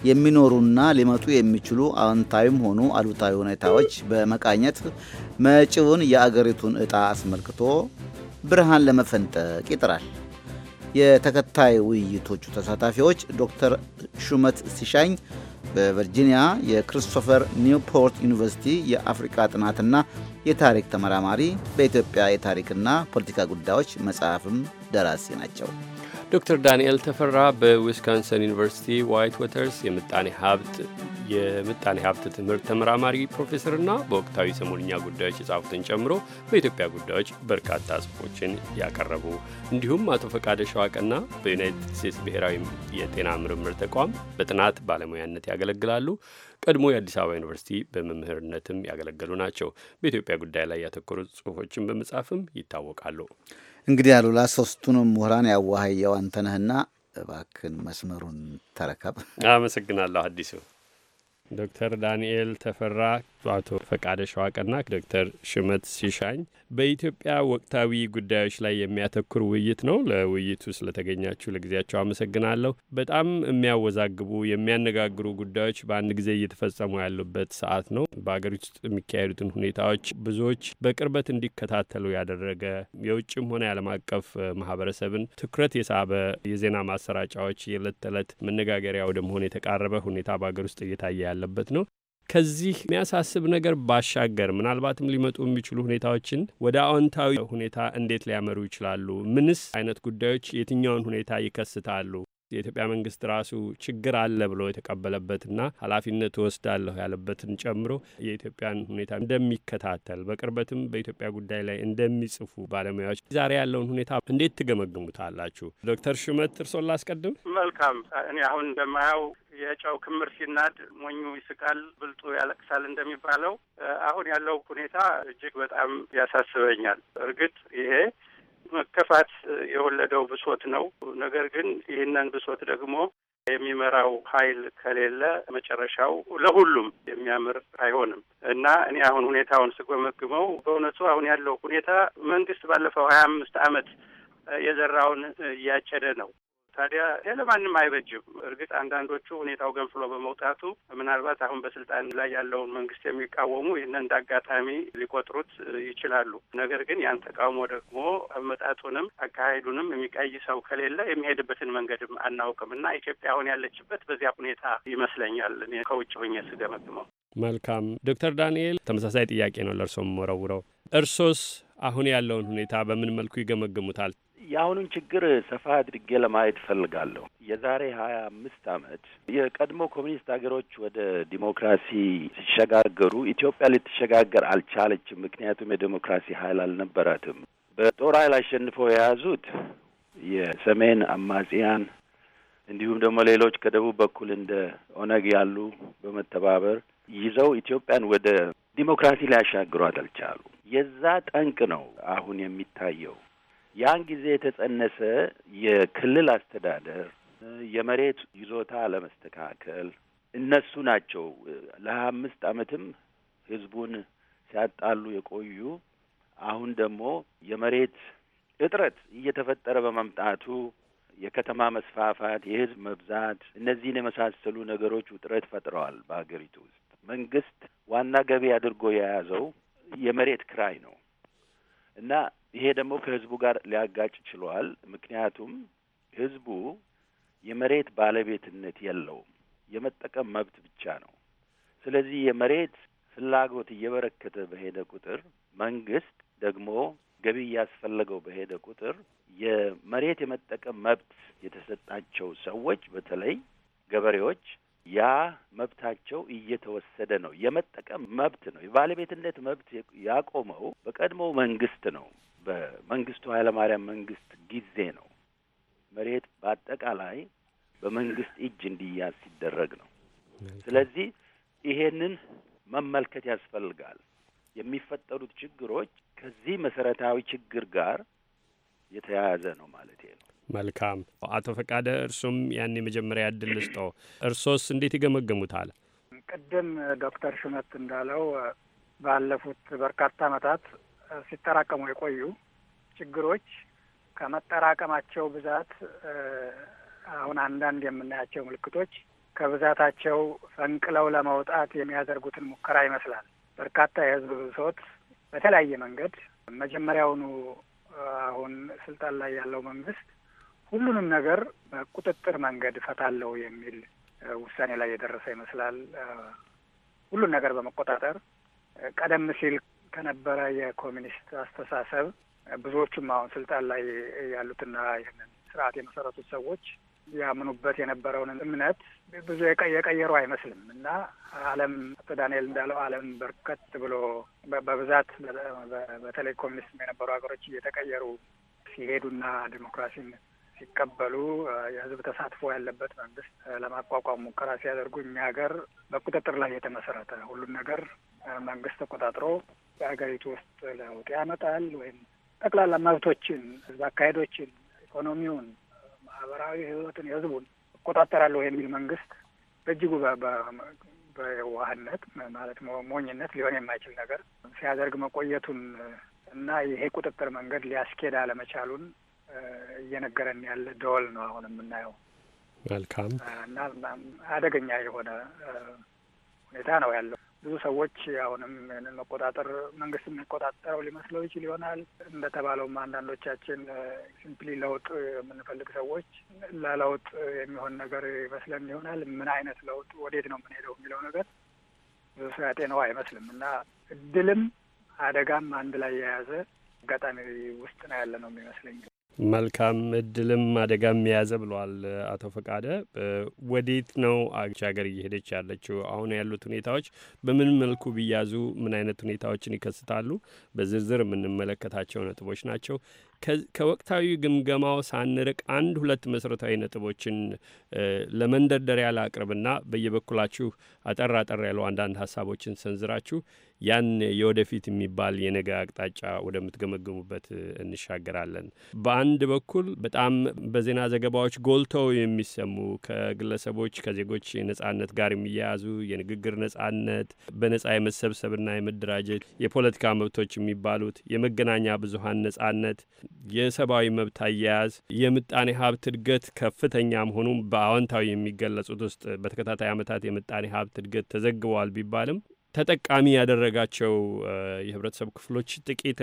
የሚኖሩና ሊመጡ የሚችሉ አዎንታዊም ሆኑ አሉታዊ ሁኔታዎች በመቃኘት መጪውን የአገሪቱን ዕጣ አስመልክቶ ብርሃን ለመፈንጠቅ ይጥራል። የተከታይ ውይይቶቹ ተሳታፊዎች ዶክተር ሹመት ሲሻኝ በቨርጂኒያ የክሪስቶፈር ኒውፖርት ዩኒቨርሲቲ የአፍሪቃ ጥናትና የታሪክ ተመራማሪ፣ በኢትዮጵያ የታሪክና ፖለቲካ ጉዳዮች መጽሐፍም ደራሲ ናቸው። ዶክተር ዳንኤል ተፈራ በዊስካንሰን ዩኒቨርሲቲ ዋይት ወተርስ የምጣኔ ሀብት የምጣኔ ሀብት ትምህርት ተመራማሪ ፕሮፌሰርና በወቅታዊ ሰሞንኛ ጉዳዮች የጻፉትን ጨምሮ በኢትዮጵያ ጉዳዮች በርካታ ጽሁፎችን ያቀረቡ እንዲሁም አቶ ፈቃደ ሸዋቀና በዩናይትድ ስቴትስ ብሔራዊ የጤና ምርምር ተቋም በጥናት ባለሙያነት ያገለግላሉ። ቀድሞ የአዲስ አበባ ዩኒቨርሲቲ በመምህርነትም ያገለገሉ ናቸው። በኢትዮጵያ ጉዳይ ላይ ያተኮሩ ጽሁፎችን በመጻፍም ይታወቃሉ። እንግዲህ አሉላ ሶስቱንም ምሁራን ያዋህየው አንተነህና እባክን መስመሩን ተረከብ። አመሰግናለሁ አዲሱ። ዶክተር ዳንኤል ተፈራ አቶ ፈቃደ ሸዋቀና ዶክተር ሽመት ሲሻኝ በኢትዮጵያ ወቅታዊ ጉዳዮች ላይ የሚያተኩር ውይይት ነው። ለውይይቱ ስለተገኛችሁ ለጊዜያቸው አመሰግናለሁ። በጣም የሚያወዛግቡ የሚያነጋግሩ ጉዳዮች በአንድ ጊዜ እየተፈጸሙ ያሉበት ሰዓት ነው። በሀገሪቱ ውስጥ የሚካሄዱትን ሁኔታዎች ብዙዎች በቅርበት እንዲከታተሉ ያደረገ የውጭም ሆነ የዓለም አቀፍ ማህበረሰብን ትኩረት የሳበ የዜና ማሰራጫዎች የዕለት ተዕለት መነጋገሪያ ወደ መሆን የተቃረበ ሁኔታ በሀገር ውስጥ እየታየ ያለበት ነው። ከዚህ የሚያሳስብ ነገር ባሻገር ምናልባትም ሊመጡ የሚችሉ ሁኔታዎችን ወደ አዎንታዊ ሁኔታ እንዴት ሊያመሩ ይችላሉ? ምንስ አይነት ጉዳዮች የትኛውን ሁኔታ ይከስታሉ? የኢትዮጵያ መንግስት ራሱ ችግር አለ ብሎ የተቀበለበትና ኃላፊነት ወስዳለሁ ያለበትን ጨምሮ የኢትዮጵያን ሁኔታ እንደሚከታተል በቅርበትም በኢትዮጵያ ጉዳይ ላይ እንደሚጽፉ ባለሙያዎች ዛሬ ያለውን ሁኔታ እንዴት ትገመግሙታላችሁ? ዶክተር ሹመት እርስዎን ላስቀድም። መልካም። እኔ አሁን እንደማየው የጨው ክምር ሲናድ ሞኙ ይስቃል፣ ብልጡ ያለቅሳል እንደሚባለው አሁን ያለው ሁኔታ እጅግ በጣም ያሳስበኛል። እርግጥ ይሄ መከፋት የወለደው ብሶት ነው። ነገር ግን ይህንን ብሶት ደግሞ የሚመራው ኃይል ከሌለ መጨረሻው ለሁሉም የሚያምር አይሆንም እና እኔ አሁን ሁኔታውን ስገመግመው በእውነቱ አሁን ያለው ሁኔታ መንግስት ባለፈው ሀያ አምስት አመት የዘራውን እያጨደ ነው። ታዲያ ይሄ ለማንም አይበጅም። እርግጥ አንዳንዶቹ ሁኔታው ገንፍሎ በመውጣቱ ምናልባት አሁን በስልጣን ላይ ያለውን መንግስት የሚቃወሙ ይህንን እንደ አጋጣሚ ሊቆጥሩት ይችላሉ። ነገር ግን ያን ተቃውሞ ደግሞ አመጣጡንም አካሄዱንም የሚቀይ ሰው ከሌለ የሚሄድበትን መንገድም አናውቅም እና ኢትዮጵያ አሁን ያለችበት በዚያ ሁኔታ ይመስለኛል እኔ ከውጭ ሆኜ ስገመግመው። መልካም ዶክተር ዳንኤል ተመሳሳይ ጥያቄ ነው ለእርሶም ወረውረው። እርሶስ አሁን ያለውን ሁኔታ በምን መልኩ ይገመግሙታል? የአሁኑን ችግር ሰፋ አድርጌ ለማየት እፈልጋለሁ። የዛሬ ሀያ አምስት አመት የቀድሞ ኮሚኒስት ሀገሮች ወደ ዲሞክራሲ ሲሸጋገሩ ኢትዮጵያ ልትሸጋገር አልቻለችም። ምክንያቱም የዲሞክራሲ ኃይል አልነበራትም። በጦር ኃይል አሸንፈው የያዙት የሰሜን አማጽያን እንዲሁም ደግሞ ሌሎች ከደቡብ በኩል እንደ ኦነግ ያሉ በመተባበር ይዘው ኢትዮጵያን ወደ ዲሞክራሲ ሊያሻግሯት አልቻሉ። የዛ ጠንቅ ነው አሁን የሚታየው። ያን ጊዜ የተጸነሰ የክልል አስተዳደር የመሬት ይዞታ ለመስተካከል እነሱ ናቸው ለሀያ አምስት ህዝቡን ሲያጣሉ የቆዩ። አሁን ደግሞ የመሬት እጥረት እየተፈጠረ በመምጣቱ የከተማ መስፋፋት፣ የህዝብ መብዛት፣ እነዚህን የመሳሰሉ ነገሮች ውጥረት ፈጥረዋል በሀገሪቱ ውስጥ። መንግስት ዋና ገቢ አድርጎ የያዘው የመሬት ክራይ ነው እና ይሄ ደግሞ ከህዝቡ ጋር ሊያጋጭ ችሏል። ምክንያቱም ህዝቡ የመሬት ባለቤትነት የለውም፣ የመጠቀም መብት ብቻ ነው። ስለዚህ የመሬት ፍላጎት እየበረከተ በሄደ ቁጥር መንግስት ደግሞ ገቢ እያስፈለገው በሄደ ቁጥር የመሬት የመጠቀም መብት የተሰጣቸው ሰዎች በተለይ ገበሬዎች ያ መብታቸው እየተወሰደ ነው። የመጠቀም መብት ነው። የባለቤትነት መብት ያቆመው በቀድሞው መንግስት ነው። በመንግስቱ ኃይለማርያም መንግስት ጊዜ ነው። መሬት በአጠቃላይ በመንግስት እጅ እንዲያዝ ሲደረግ ነው። ስለዚህ ይሄንን መመልከት ያስፈልጋል። የሚፈጠሩት ችግሮች ከዚህ መሰረታዊ ችግር ጋር የተያያዘ ነው ማለት ነው። መልካም አቶ ፈቃደ እርሱም ያን የመጀመሪያ እድል ልስጦ፣ እርሶስ እንዴት ይገመገሙታል? ቅድም ዶክተር ሹመት እንዳለው ባለፉት በርካታ አመታት ሲጠራቀሙ የቆዩ ችግሮች ከመጠራቀማቸው ብዛት አሁን አንዳንድ የምናያቸው ምልክቶች ከብዛታቸው ፈንቅለው ለመውጣት የሚያደርጉትን ሙከራ ይመስላል። በርካታ የህዝብ ብሶት በተለያየ መንገድ መጀመሪያውኑ አሁን ስልጣን ላይ ያለው መንግስት ሁሉንም ነገር በቁጥጥር መንገድ እፈታለሁ የሚል ውሳኔ ላይ የደረሰ ይመስላል። ሁሉን ነገር በመቆጣጠር ቀደም ሲል ከነበረ የኮሚኒስት አስተሳሰብ ብዙዎቹም አሁን ስልጣን ላይ ያሉትና ይህንን ስርዓት የመሰረቱት ሰዎች ያምኑበት የነበረውን እምነት ብዙ የቀየሩ አይመስልም እና ዓለም አቶ ዳንኤል እንዳለው ዓለም በርከት ብሎ በብዛት በተለይ ኮሚኒስት የነበሩ ሀገሮች እየተቀየሩ ሲሄዱና ዲሞክራሲን ሲቀበሉ የህዝብ ተሳትፎ ያለበት መንግስት ለማቋቋም ሙከራ ሲያደርጉ እኛ ሀገር በቁጥጥር ላይ የተመሰረተ ሁሉን ነገር መንግስት ተቆጣጥሮ በሀገሪቱ ውስጥ ለውጥ ያመጣል ወይም ጠቅላላ መብቶችን፣ ህዝብ አካሄዶችን፣ ኢኮኖሚውን፣ ማህበራዊ ህይወትን፣ የህዝቡን እቆጣጠራለሁ የሚል መንግስት በእጅጉ በዋህነት ማለት ሞኝነት ሊሆን የማይችል ነገር ሲያደርግ መቆየቱን እና ይሄ ቁጥጥር መንገድ ሊያስኬድ አለመቻሉን እየነገረን ያለ ደወል ነው አሁን የምናየው። መልካም እና አደገኛ የሆነ ሁኔታ ነው ያለው። ብዙ ሰዎች አሁንም ይህንን መቆጣጠር መንግስት የሚቆጣጠረው ሊመስለው ይችል ይሆናል። እንደተባለውም አንዳንዶቻችን ሲምፕሊ ለውጥ የምንፈልግ ሰዎች ለለውጥ የሚሆን ነገር ይመስለን ይሆናል። ምን አይነት ለውጥ፣ ወዴት ነው የምንሄደው የሚለው ነገር ብዙ ሰው ያጤነው አይመስልም እና እድልም አደጋም አንድ ላይ የያዘ አጋጣሚ ውስጥ ነው ያለ ነው የሚመስለኝ። መልካም እድልም አደጋም የያዘ ብለዋል አቶ ፈቃደ። ወዴት ነው አገች ሀገር እየሄደች ያለችው? አሁን ያሉት ሁኔታዎች በምን መልኩ ቢያዙ ምን አይነት ሁኔታዎችን ይከስታሉ? በዝርዝር የምንመለከታቸው ነጥቦች ናቸው። ከወቅታዊ ግምገማው ሳንርቅ አንድ ሁለት መሰረታዊ ነጥቦችን ለመንደርደሪያ ላቅርብና በየበኩላችሁ አጠር አጠር ያሉ አንዳንድ ሀሳቦችን ሰንዝራችሁ ያን የወደፊት የሚባል የነገ አቅጣጫ ወደምትገመግሙበት እንሻገራለን። በአንድ በኩል በጣም በዜና ዘገባዎች ጎልተው የሚሰሙ ከግለሰቦች ከዜጎች ነጻነት ጋር የሚያያዙ የንግግር ነጻነት፣ በነጻ የመሰብሰብና የመደራጀት የፖለቲካ መብቶች የሚባሉት የመገናኛ ብዙሀን ነጻነት፣ የሰብአዊ መብት አያያዝ፣ የምጣኔ ሀብት እድገት ከፍተኛ መሆኑም በአዎንታዊ የሚገለጹት ውስጥ በተከታታይ ዓመታት የምጣኔ ሀብት እድገት ተዘግበዋል ቢባልም ተጠቃሚ ያደረጋቸው የህብረተሰብ ክፍሎች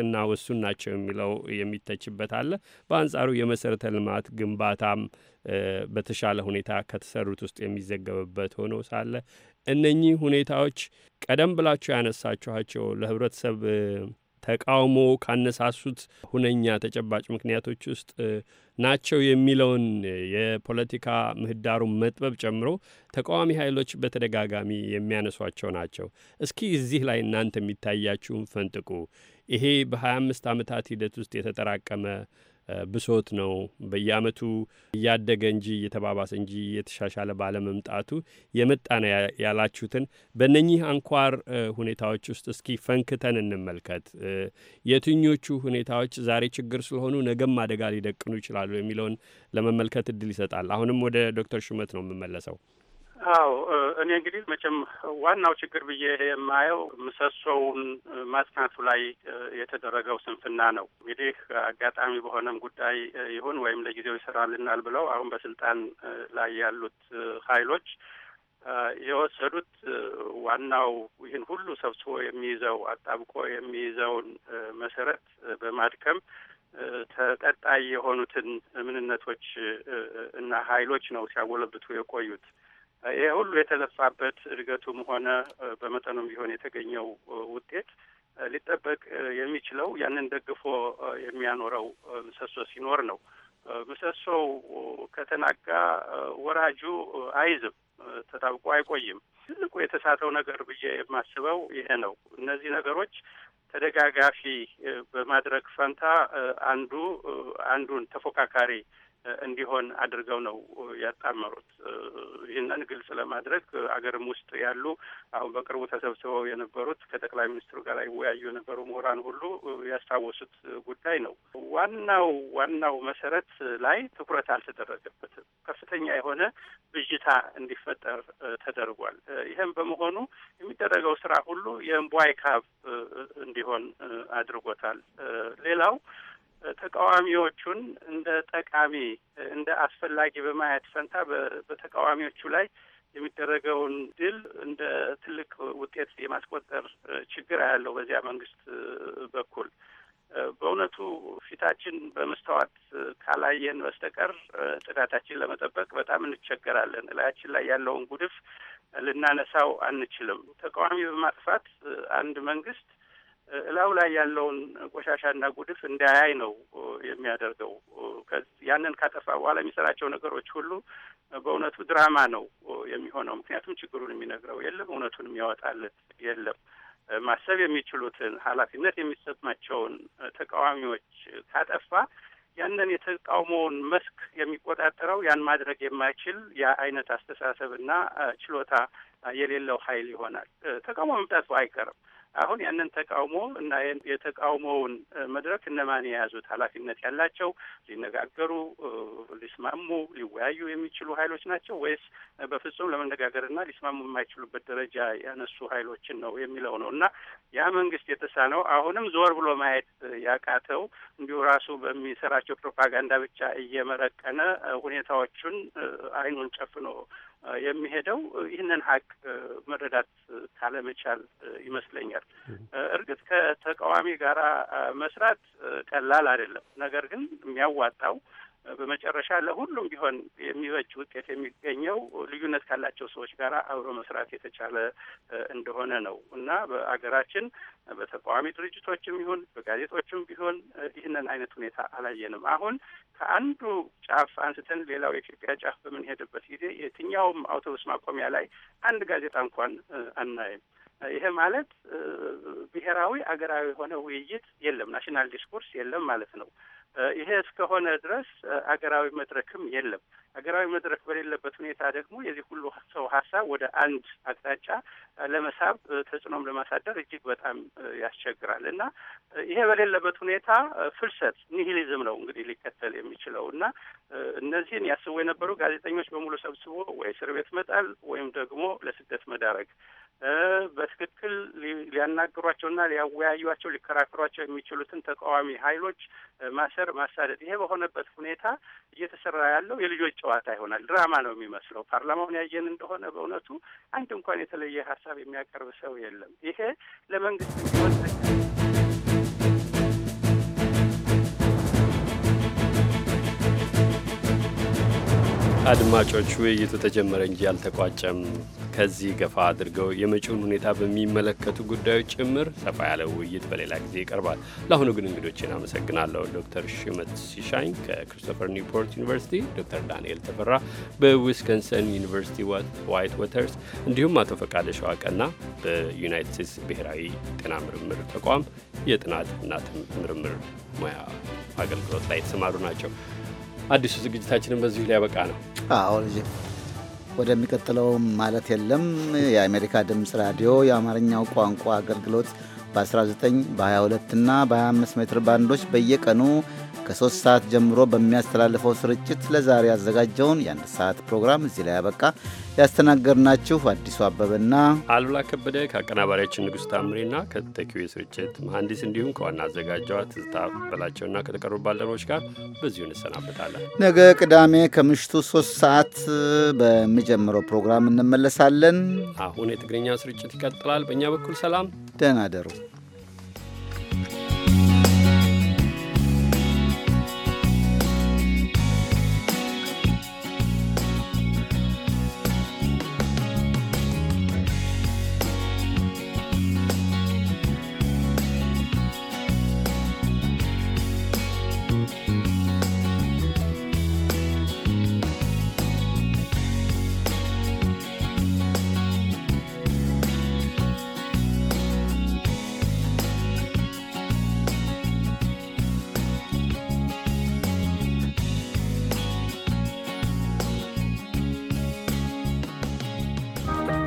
እና ወሱን ናቸው የሚለው የሚተችበት አለ። በአንጻሩ የመሰረተ ልማት ግንባታም በተሻለ ሁኔታ ከተሰሩት ውስጥ የሚዘገብበት ሆኖ ሳለ እነኚህ ሁኔታዎች ቀደም ብላችሁ ያነሳችኋቸው ለህብረተሰብ ተቃውሞ ካነሳሱት ሁነኛ ተጨባጭ ምክንያቶች ውስጥ ናቸው የሚለውን የፖለቲካ ምህዳሩን መጥበብ ጨምሮ ተቃዋሚ ኃይሎች በተደጋጋሚ የሚያነሷቸው ናቸው። እስኪ እዚህ ላይ እናንተ የሚታያችሁን ፈንጥቁ። ይሄ በ25 ዓመታት ሂደት ውስጥ የተጠራቀመ ብሶት ነው። በየአመቱ እያደገ እንጂ እየተባባሰ እንጂ እየተሻሻለ ባለመምጣቱ የመጣ ነው ያላችሁትን በእነኚህ አንኳር ሁኔታዎች ውስጥ እስኪ ፈንክተን እንመልከት። የትኞቹ ሁኔታዎች ዛሬ ችግር ስለሆኑ ነገም አደጋ ሊደቅኑ ይችላሉ የሚለውን ለመመልከት እድል ይሰጣል። አሁንም ወደ ዶክተር ሹመት ነው የምመለሰው። አዎ እኔ እንግዲህ መቼም ዋናው ችግር ብዬ የማየው ምሰሶውን ማጽናቱ ላይ የተደረገው ስንፍና ነው። እንግዲህ አጋጣሚ በሆነም ጉዳይ ይሁን ወይም ለጊዜው ይሰራልናል ብለው አሁን በስልጣን ላይ ያሉት ኃይሎች የወሰዱት ዋናው ይህን ሁሉ ሰብስቦ የሚይዘው አጣብቆ የሚይዘውን መሰረት በማድከም ተቀጣይ የሆኑትን ምንነቶች እና ኃይሎች ነው ሲያጎለብቱ የቆዩት። ይሄ ሁሉ የተለፋበት እድገቱም ሆነ በመጠኑም ቢሆን የተገኘው ውጤት ሊጠበቅ የሚችለው ያንን ደግፎ የሚያኖረው ምሰሶ ሲኖር ነው። ምሰሶው ከተናጋ ወራጁ አይዝም፣ ተጣብቆ አይቆይም። ትልቁ የተሳተው ነገር ብዬ የማስበው ይሄ ነው። እነዚህ ነገሮች ተደጋጋፊ በማድረግ ፈንታ አንዱ አንዱን ተፎካካሪ እንዲሆን አድርገው ነው ያጣመሩት። ይህንን ግልጽ ለማድረግ አገርም ውስጥ ያሉ አሁን በቅርቡ ተሰብስበው የነበሩት ከጠቅላይ ሚኒስትሩ ጋር ይወያዩ የነበሩ ምሁራን ሁሉ ያስታወሱት ጉዳይ ነው። ዋናው ዋናው መሰረት ላይ ትኩረት አልተደረገበትም። ከፍተኛ የሆነ ብዥታ እንዲፈጠር ተደርጓል። ይህም በመሆኑ የሚደረገው ስራ ሁሉ የእምቧይ ካብ እንዲሆን አድርጎታል። ሌላው ተቃዋሚዎቹን እንደ ጠቃሚ እንደ አስፈላጊ በማየት ፈንታ በተቃዋሚዎቹ ላይ የሚደረገውን ድል እንደ ትልቅ ውጤት የማስቆጠር ችግር ያለው በዚያ መንግስት በኩል በእውነቱ ፊታችን በመስተዋት ካላየን በስተቀር ጽዳታችን ለመጠበቅ በጣም እንቸገራለን። እላያችን ላይ ያለውን ጉድፍ ልናነሳው አንችልም። ተቃዋሚ በማጥፋት አንድ መንግስት እላዩ ላይ ያለውን ቆሻሻና ጉድፍ እንዳያይ ነው የሚያደርገው። ያንን ካጠፋ በኋላ የሚሰራቸው ነገሮች ሁሉ በእውነቱ ድራማ ነው የሚሆነው። ምክንያቱም ችግሩን የሚነግረው የለም፣ እውነቱን የሚያወጣለት የለም። ማሰብ የሚችሉትን ኃላፊነት የሚሰማቸውን ተቃዋሚዎች ካጠፋ ያንን የተቃውሞውን መስክ የሚቆጣጠረው ያን ማድረግ የማይችል የአይነት አስተሳሰብና ችሎታ የሌለው ኃይል ይሆናል። ተቃውሞ መምጣቱ አይቀርም። አሁን ያንን ተቃውሞ እና የተቃውሞውን መድረክ እነማን የያዙት ኃላፊነት ያላቸው ሊነጋገሩ፣ ሊስማሙ፣ ሊወያዩ የሚችሉ ኃይሎች ናቸው ወይስ በፍጹም ለመነጋገርና ሊስማሙ የማይችሉበት ደረጃ ያነሱ ኃይሎችን ነው የሚለው ነው እና ያ መንግስት የተሳነው አሁንም ዞር ብሎ ማየት ያቃተው እንዲሁ ራሱ በሚሰራቸው ፕሮፓጋንዳ ብቻ እየመረቀነ ሁኔታዎቹን አይኑን ጨፍኖ የሚሄደው ይህንን ሀቅ መረዳት ካለመቻል ይመስለኛል። እርግጥ ከተቃዋሚ ጋራ መስራት ቀላል አይደለም። ነገር ግን የሚያዋጣው በመጨረሻ ለሁሉም ቢሆን የሚበጅ ውጤት የሚገኘው ልዩነት ካላቸው ሰዎች ጋር አብሮ መስራት የተቻለ እንደሆነ ነው እና በአገራችን በተቃዋሚ ድርጅቶችም ይሁን በጋዜጦችም ቢሆን ይህንን አይነት ሁኔታ አላየንም። አሁን ከአንዱ ጫፍ አንስተን ሌላው የኢትዮጵያ ጫፍ በምንሄድበት ጊዜ የትኛውም አውቶቡስ ማቆሚያ ላይ አንድ ጋዜጣ እንኳን አናይም። ይሄ ማለት ብሔራዊ አገራዊ የሆነ ውይይት የለም፣ ናሽናል ዲስኮርስ የለም ማለት ነው። ይሄ እስከሆነ ድረስ አገራዊ መድረክም የለም። አገራዊ መድረክ በሌለበት ሁኔታ ደግሞ የዚህ ሁሉ ሰው ሀሳብ ወደ አንድ አቅጣጫ ለመሳብ ተጽዕኖም ለማሳደር እጅግ በጣም ያስቸግራል እና ይሄ በሌለበት ሁኔታ ፍልሰት ኒሂሊዝም ነው እንግዲህ ሊከተል የሚችለው እና እነዚህን ያስቡ የነበሩ ጋዜጠኞች በሙሉ ሰብስቦ ወይ እስር ቤት መጣል ወይም ደግሞ ለስደት መዳረግ በትክክል ሊያናግሯቸውና ሊያወያዩቸው ሊከራከሯቸው የሚችሉትን ተቃዋሚ ኃይሎች ማሰር፣ ማሳደድ ይሄ በሆነበት ሁኔታ እየተሰራ ያለው የልጆች ጨዋታ ይሆናል። ድራማ ነው የሚመስለው። ፓርላማውን ያየን እንደሆነ በእውነቱ አንድ እንኳን የተለየ ሀሳብ የሚያቀርብ ሰው የለም። ይሄ ለመንግስት ቢሆን አድማጮች ውይይቱ ተጀመረ እንጂ አልተቋጨም። ከዚህ ገፋ አድርገው የመጪውን ሁኔታ በሚመለከቱ ጉዳዮች ጭምር ሰፋ ያለ ውይይት በሌላ ጊዜ ይቀርባል። ለአሁኑ ግን እንግዶችን አመሰግናለሁ። ዶክተር ሽመት ሲሻኝ ከክሪስቶፈር ኒውፖርት ዩኒቨርሲቲ፣ ዶክተር ዳንኤል ተፈራ በዊስኮንሰን ዩኒቨርሲቲ ዋይት ወተርስ፣ እንዲሁም አቶ ፈቃደ ሸዋቀና በዩናይትድ ስቴትስ ብሔራዊ ጤና ምርምር ተቋም የጥናትና ምርምር ሙያ አገልግሎት ላይ የተሰማሩ ናቸው። አዲሱ ዝግጅታችንን በዚሁ ያበቃ ነው። አዎ ልጅ ወደሚቀጥለው ማለት የለም። የአሜሪካ ድምፅ ራዲዮ የአማርኛው ቋንቋ አገልግሎት በ19 በ22 እና በ25 ሜትር ባንዶች በየቀኑ ከ3 ሰዓት ጀምሮ በሚያስተላልፈው ስርጭት ለዛሬ ያዘጋጀውን የአንድ ሰዓት ፕሮግራም እዚህ ላይ ያበቃ። ያስተናገድናችሁ አዲሱ አበበና አሉላ ከበደ ከአቀናባሪያችን ንጉሥ ታምሬና ከተተኪው የስርጭት መሐንዲስ እንዲሁም ከዋና አዘጋጇ ትዝታ በላቸውና ከተቀሩ ባልደረቦች ጋር በዚሁ እንሰናበታለን። ነገ ቅዳሜ ከምሽቱ ሶስት ሰዓት በሚጀምረው ፕሮግራም እንመለሳለን። አሁን የትግርኛ ስርጭት ይቀጥላል። በእኛ በኩል ሰላም፣ ደህና ደሩ።